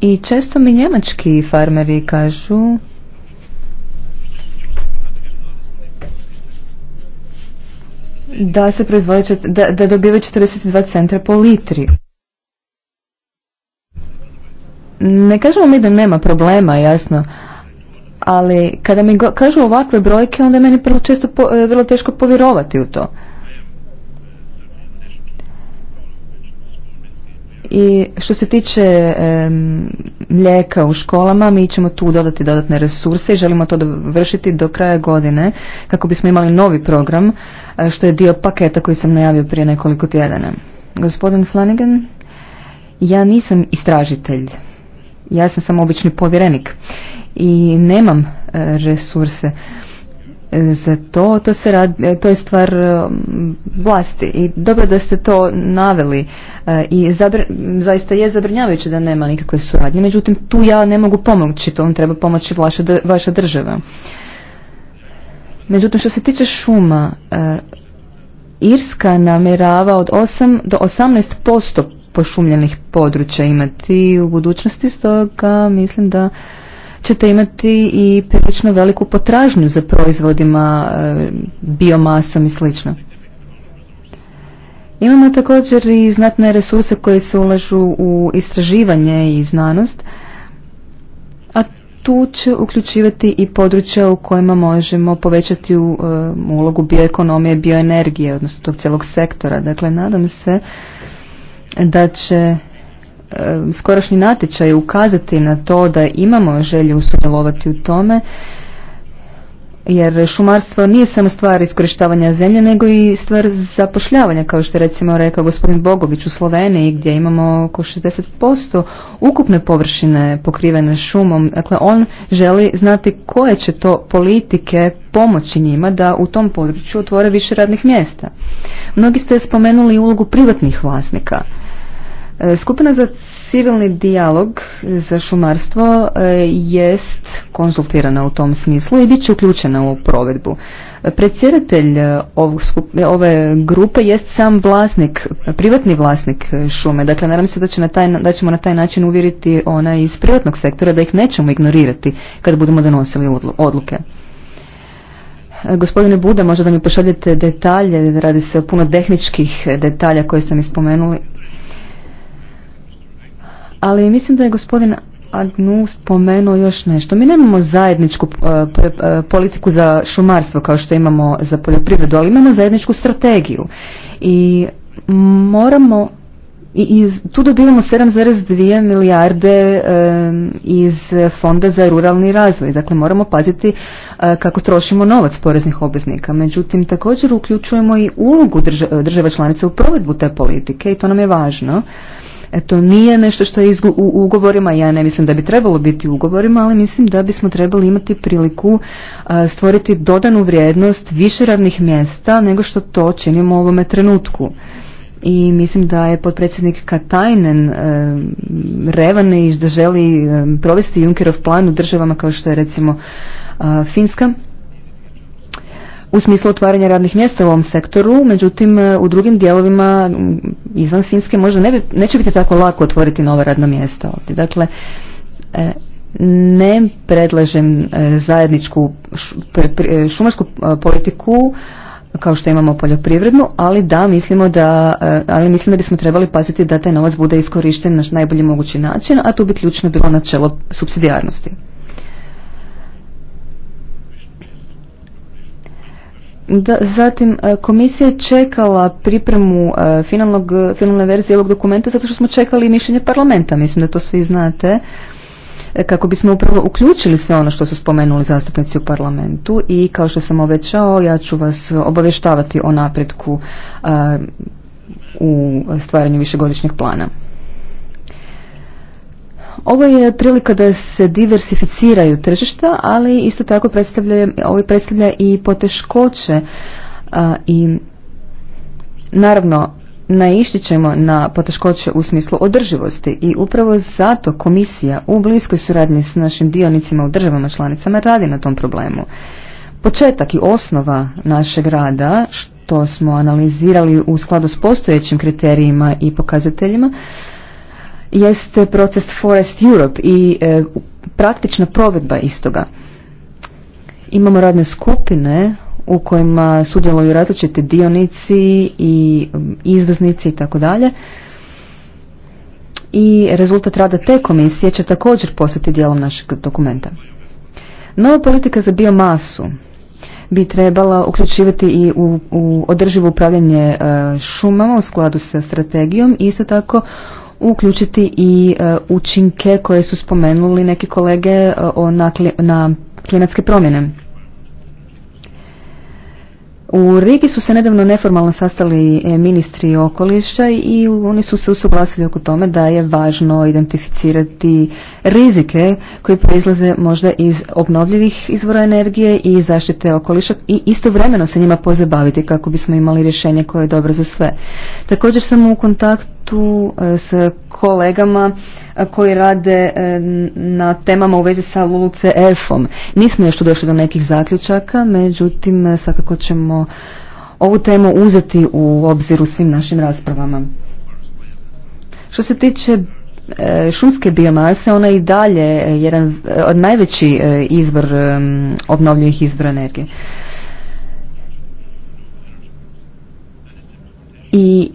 i često mi njemački farmeri kažu da se proizvode, da, da dobivaju 42 centra po litri. Ne kažemo mi da nema problema, jasno, ali kada mi kažu ovakve brojke, onda je meni često e, vrlo teško povjerovati u to. I što se tiče mlijeka u školama, mi ćemo tu dodati dodatne resurse i želimo to vršiti do kraja godine kako bismo imali novi program e, što je dio paketa koji sam najavio prije nekoliko tjedana. Gospodin Flanagan, ja nisam istražitelj, ja sam samo obični povjerenik i nemam e, resurse E, za to, to, se radi, e, to je stvar e, vlasti i dobro da ste to naveli i zaista je zabrinjavajuće da nema nikakve suradnje, međutim tu ja ne mogu pomoći, to vam treba pomoći vaša, vaša država. Međutim što se tiče šuma, Irska namjerava od 8 do 18% pošumljenih područja imati u budućnosti, stoga mislim da ćete imati i prilično veliku potražnju za proizvodima e, biomasom i slično. Imamo također i znatne resurse koje se ulažu u istraživanje i znanost, a tu će uključivati i područja u kojima možemo povećati u, e, ulogu bioekonomije, bioenergije, odnosno tog cijelog sektora. Dakle, nadam se da će skorašnji natječaj ukazati na to da imamo želju sudjelovati u tome jer šumarstvo nije samo stvar iskorištavanja zemlje nego i stvar zapošljavanja kao što je recimo rekao gospodin Bogović u Sloveniji gdje imamo oko 60% ukupne površine pokrivene šumom dakle on želi znati koje će to politike pomoći njima da u tom području otvore više radnih mjesta mnogi ste spomenuli ulogu privatnih vlasnika E, skupina za civilni dijalog e, za šumarstvo e, jest konzultirana u tom smislu i bit će uključena u provedbu. Predsjedatelj ove grupe jest sam vlasnik, privatni vlasnik šume. Dakle, nadam se da, na taj, da ćemo na taj način uvjeriti ona iz privatnog sektora da ih nećemo ignorirati kad budemo donosili odluke. Gospodine Buda, možda da mi pošaljete detalje, radi se o puno tehničkih detalja koje ste mi spomenuli, ali mislim da je gospodin Agnu spomenuo još nešto. Mi nemamo zajedničku e, e, politiku za šumarstvo kao što imamo za poljoprivredu, ali imamo zajedničku strategiju. I moramo i, tu dobivamo 7,2 milijarde e, iz Fonda za ruralni razvoj. Dakle, moramo paziti kako trošimo novac poreznih obveznika. Međutim, također uključujemo i ulogu država članica u provedbu te politike i to nam je važno. E, to nije nešto što je u ugovorima, ja ne mislim da bi trebalo biti u ugovorima, ali mislim da bismo trebali imati priliku stvoriti dodanu vrijednost više radnih mjesta nego što to činimo u ovome trenutku. I mislim da je potpredsjednik Katajnen e, revan i da želi e, provesti Junkerov plan u državama kao što je recimo Finska u smislu otvaranja radnih mjesta u ovom sektoru, međutim e, u drugim dijelovima izvan Finske možda ne bi, neće biti tako lako otvoriti nova radna mjesta ovdje. Dakle, e, ne predlažem e, zajedničku šumarsku politiku kao što imamo poljoprivrednu, ali da mislimo da, ali mislim da bismo trebali paziti da taj novac bude iskorišten na najbolji mogući način, a tu bi ključno bilo načelo subsidijarnosti. Da, zatim, e, komisija je čekala pripremu e, finalnog, finalne verzije ovog dokumenta zato što smo čekali mišljenje parlamenta, mislim da to svi znate, e, kako bismo upravo uključili sve ono što su spomenuli zastupnici u parlamentu i kao što sam obećao, ja ću vas obavještavati o napretku u stvaranju višegodišnjeg plana. Ovo je prilika da se diversificiraju tržišta, ali isto tako predstavlja, ovo predstavlja i poteškoće i naravno naišti ćemo na poteškoće u smislu održivosti i upravo zato komisija u bliskoj suradnji s našim dionicima u državama članicama radi na tom problemu. Početak i osnova našeg rada, što smo analizirali u skladu s postojećim kriterijima i pokazateljima, jeste proces Forest Europe i e, praktična provedba istoga. Imamo radne skupine u kojima sudjeluju različiti dionici i mm, izvoznici i tako dalje. I rezultat rada te komisije će također postati dijelom našeg dokumenta. Nova politika za biomasu bi trebala uključivati i u, održivo upravljanje e, šumama u skladu sa strategijom i isto tako uključiti i e, učinke koje su spomenuli neki kolege e, na klimatske promjene. U Rigi su se nedavno neformalno sastali e, ministri okoliša i oni su se usuglasili oko tome da je važno identificirati rizike koji proizlaze možda iz obnovljivih izvora energije i zaštite okoliša i istovremeno se njima pozabaviti kako bismo imali rješenje koje je dobro za sve. Također sam u kontaktu tu e, s kolegama e, koji rade e, na temama u vezi sa lulcf om Nismo još tu došli do nekih zaključaka, međutim svakako ćemo ovu temu uzeti u obzir u svim našim raspravama. Što se tiče šumske biomase, ona je i dalje jedan od najveći izvor obnovljivih izvora energije. I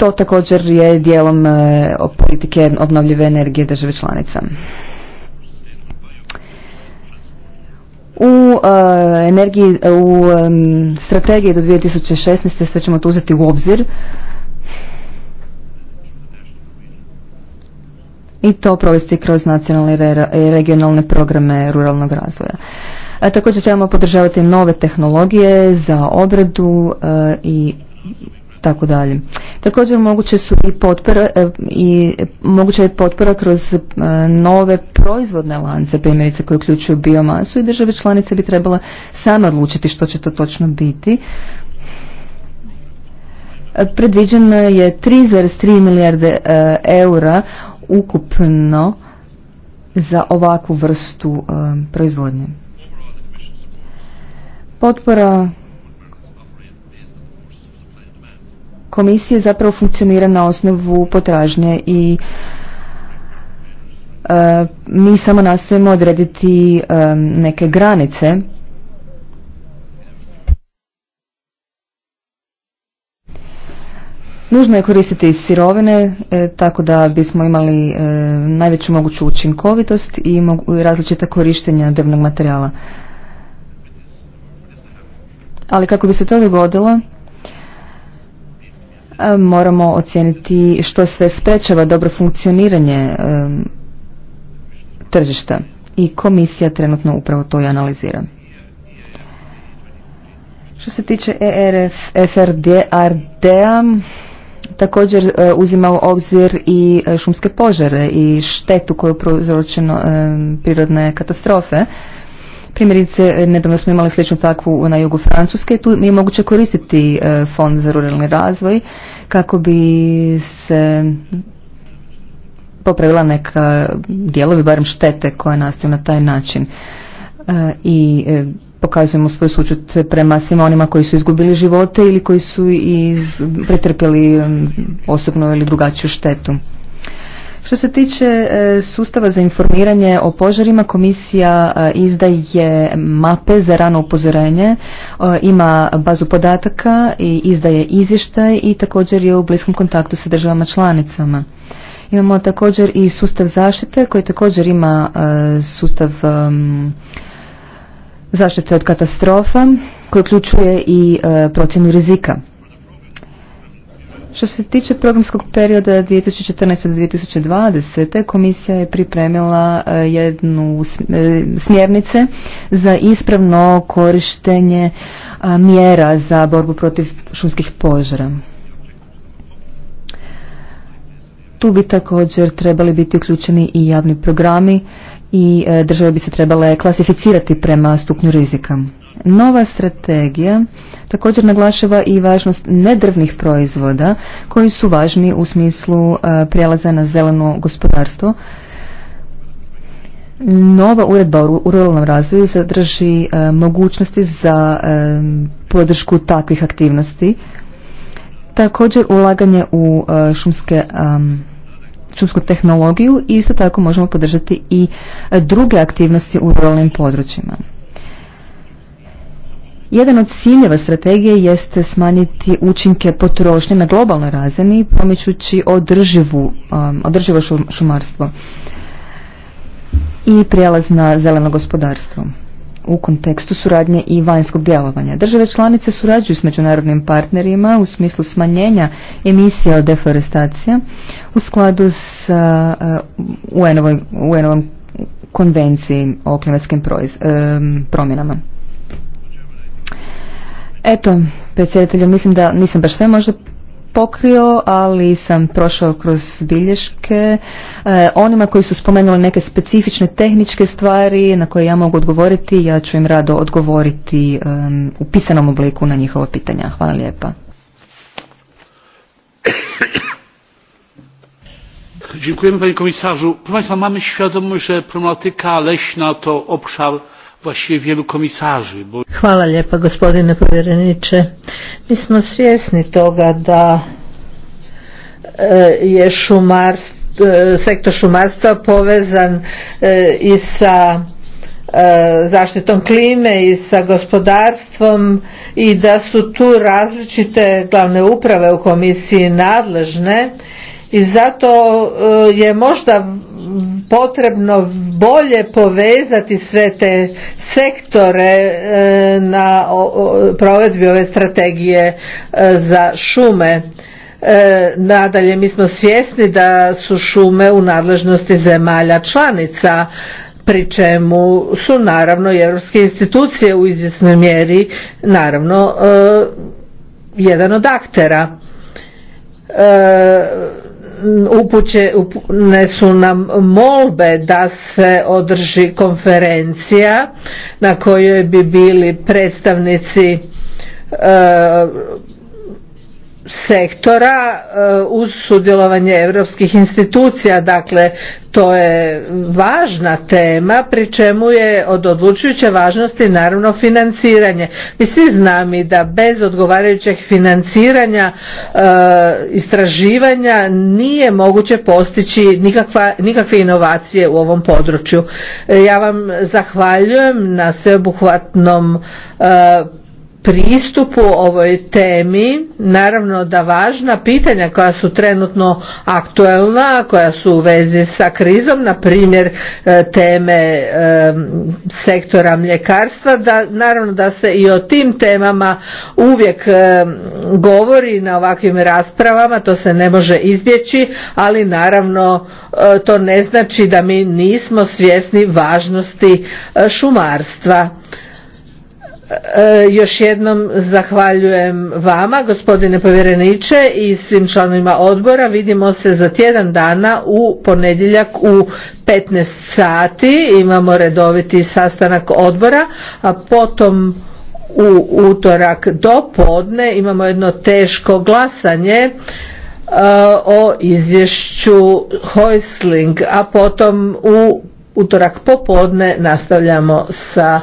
to također je dijelom e, politike obnovljive energije države članica. U e, energiji, u strategiji do 2016. sve ćemo to uzeti u obzir. I to provesti kroz nacionalne i regionalne programe ruralnog razvoja. E, također ćemo podržavati nove tehnologije za obradu i tako dalje. Također moguće su i potpora e, i moguća je potpora kroz e, nove proizvodne lance, primjerice koje uključuju biomasu i države članice bi trebala sama odlučiti što će to točno biti. E, predviđeno je 3,3 milijarde eura ukupno za ovakvu vrstu proizvodnje. Potpora komisije zapravo funkcionira na osnovu potražnje i e, mi samo nastojimo odrediti e, neke granice Nužno je koristiti sirovine e, tako da bismo imali najveću moguću učinkovitost i različita korištenja drvnog materijala. Ali kako bi se to dogodilo, E, moramo ocijeniti što sve sprečava dobro funkcioniranje e, tržišta i komisija trenutno upravo to i analizira. Što se tiče ERFRDRD-a, također e, uzima u obzir i šumske požare i štetu koju prouzročeno prirodne katastrofe. Primjerice, e, nedavno smo imali sličnu takvu na jugu Francuske. Tu je moguće koristiti e, fond za ruralni razvoj kako bi se popravila neka dijelovi, barem štete koja nastaju na taj način. E, I pokazujemo svoj sučut prema svima onima koji su izgubili živote ili koji su pretrpjeli osobnu ili drugačiju štetu. Što se tiče e, sustava za informiranje o požarima, komisija e, izdaje mape za rano upozorenje, e, ima bazu podataka i izdaje izvještaj i također je u bliskom kontaktu sa državama članicama. Imamo također i sustav zaštite koji također ima sustav zaštite od katastrofa koji uključuje i procjenu rizika. Što se tiče programskog perioda 2014. do 2020. komisija je pripremila e, jednu e, smjernice za ispravno korištenje mjera za borbu protiv šumskih požara. Tu bi također trebali biti uključeni i javni programi i e, države bi se trebale klasificirati prema stupnju rizika. Nova strategija također naglašava i važnost nedrvnih proizvoda koji su važni u smislu e, prijelaza na zeleno gospodarstvo. Nova uredba u ruralnom razvoju sadrži e, mogućnosti za e, podršku takvih aktivnosti. Također ulaganje u šumske šumsku tehnologiju i isto tako možemo podržati i druge aktivnosti u ruralnim područjima. Jedan od ciljeva strategije jeste smanjiti učinke potrošnje na globalnoj razini pomičući um, održivo šumarstvo i prijelaz na zeleno gospodarstvo u kontekstu suradnje i vanjskog djelovanja. Države članice surađuju s međunarodnim partnerima u smislu smanjenja emisija od deforestacija u skladu s uh, UN-ovom konvenciji o klimatskim um, promjenama. Eto, predsjedatelju, mislim da nisam baš sve možda pokrio, ali sam prošao kroz bilješke. E, onima koji su spomenuli neke specifične tehničke stvari na koje ja mogu odgovoriti, ja ću im rado odgovoriti u pisanom obliku na njihova pitanja. Hvala lijepa. Dziękujemy panie komisarzu. Proszę Państwa, mamy świadomość, że problematyka leśna to obszar wielu komisarzy. Hvala lijepa gospodine povjereniče. Mi smo svjesni toga da e, je e, sektor šumarstva povezan e, i sa zaštitom klime i sa gospodarstvom i da su tu različite glavne uprave u komisiji nadležne i zato e, je možda potrebno bolje povezati sve te sektore e, na provedbi ove strategije e, za šume. Nadalje, mi smo svjesni da su šume u nadležnosti zemalja članica, pri čemu su naravno i europske institucije u izvjesnoj mjeri naravno jedan od aktera upućene su nam molbe da se održi konferencija na kojoj bi bili predstavnici e, sektora e, uz sudjelovanje europskih institucija dakle to je važna tema pri čemu je od odlučujuće važnosti naravno financiranje mi svi znamo da bez odgovarajućeg financiranja e, istraživanja nije moguće postići nikakve inovacije u ovom području e, ja vam zahvaljujem na sveobuhvatnom pristupu ovoj temi naravno da važna pitanja koja su trenutno aktuelna koja su u vezi sa krizom na primjer e, teme e, sektora mljekarstva da naravno da se i o tim temama uvijek e, govori na ovakvim raspravama to se ne može izbjeći ali naravno to ne znači da mi nismo svjesni važnosti šumarstva E, još jednom zahvaljujem vama, gospodine povjereniče i svim članovima odbora. Vidimo se za tjedan dana u ponedjeljak u 15 sati. Imamo redoviti sastanak odbora, a potom u utorak do podne imamo jedno teško glasanje e, o izvješću Hoisling, a potom u utorak popodne nastavljamo sa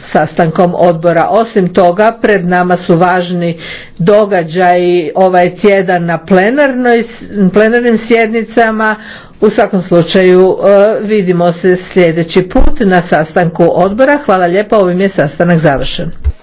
sastankom odbora. Osim toga, pred nama su važni događaji ovaj tjedan na plenarnim sjednicama. U svakom slučaju e, vidimo se sljedeći put na sastanku odbora. Hvala lijepo. ovim je sastanak završen.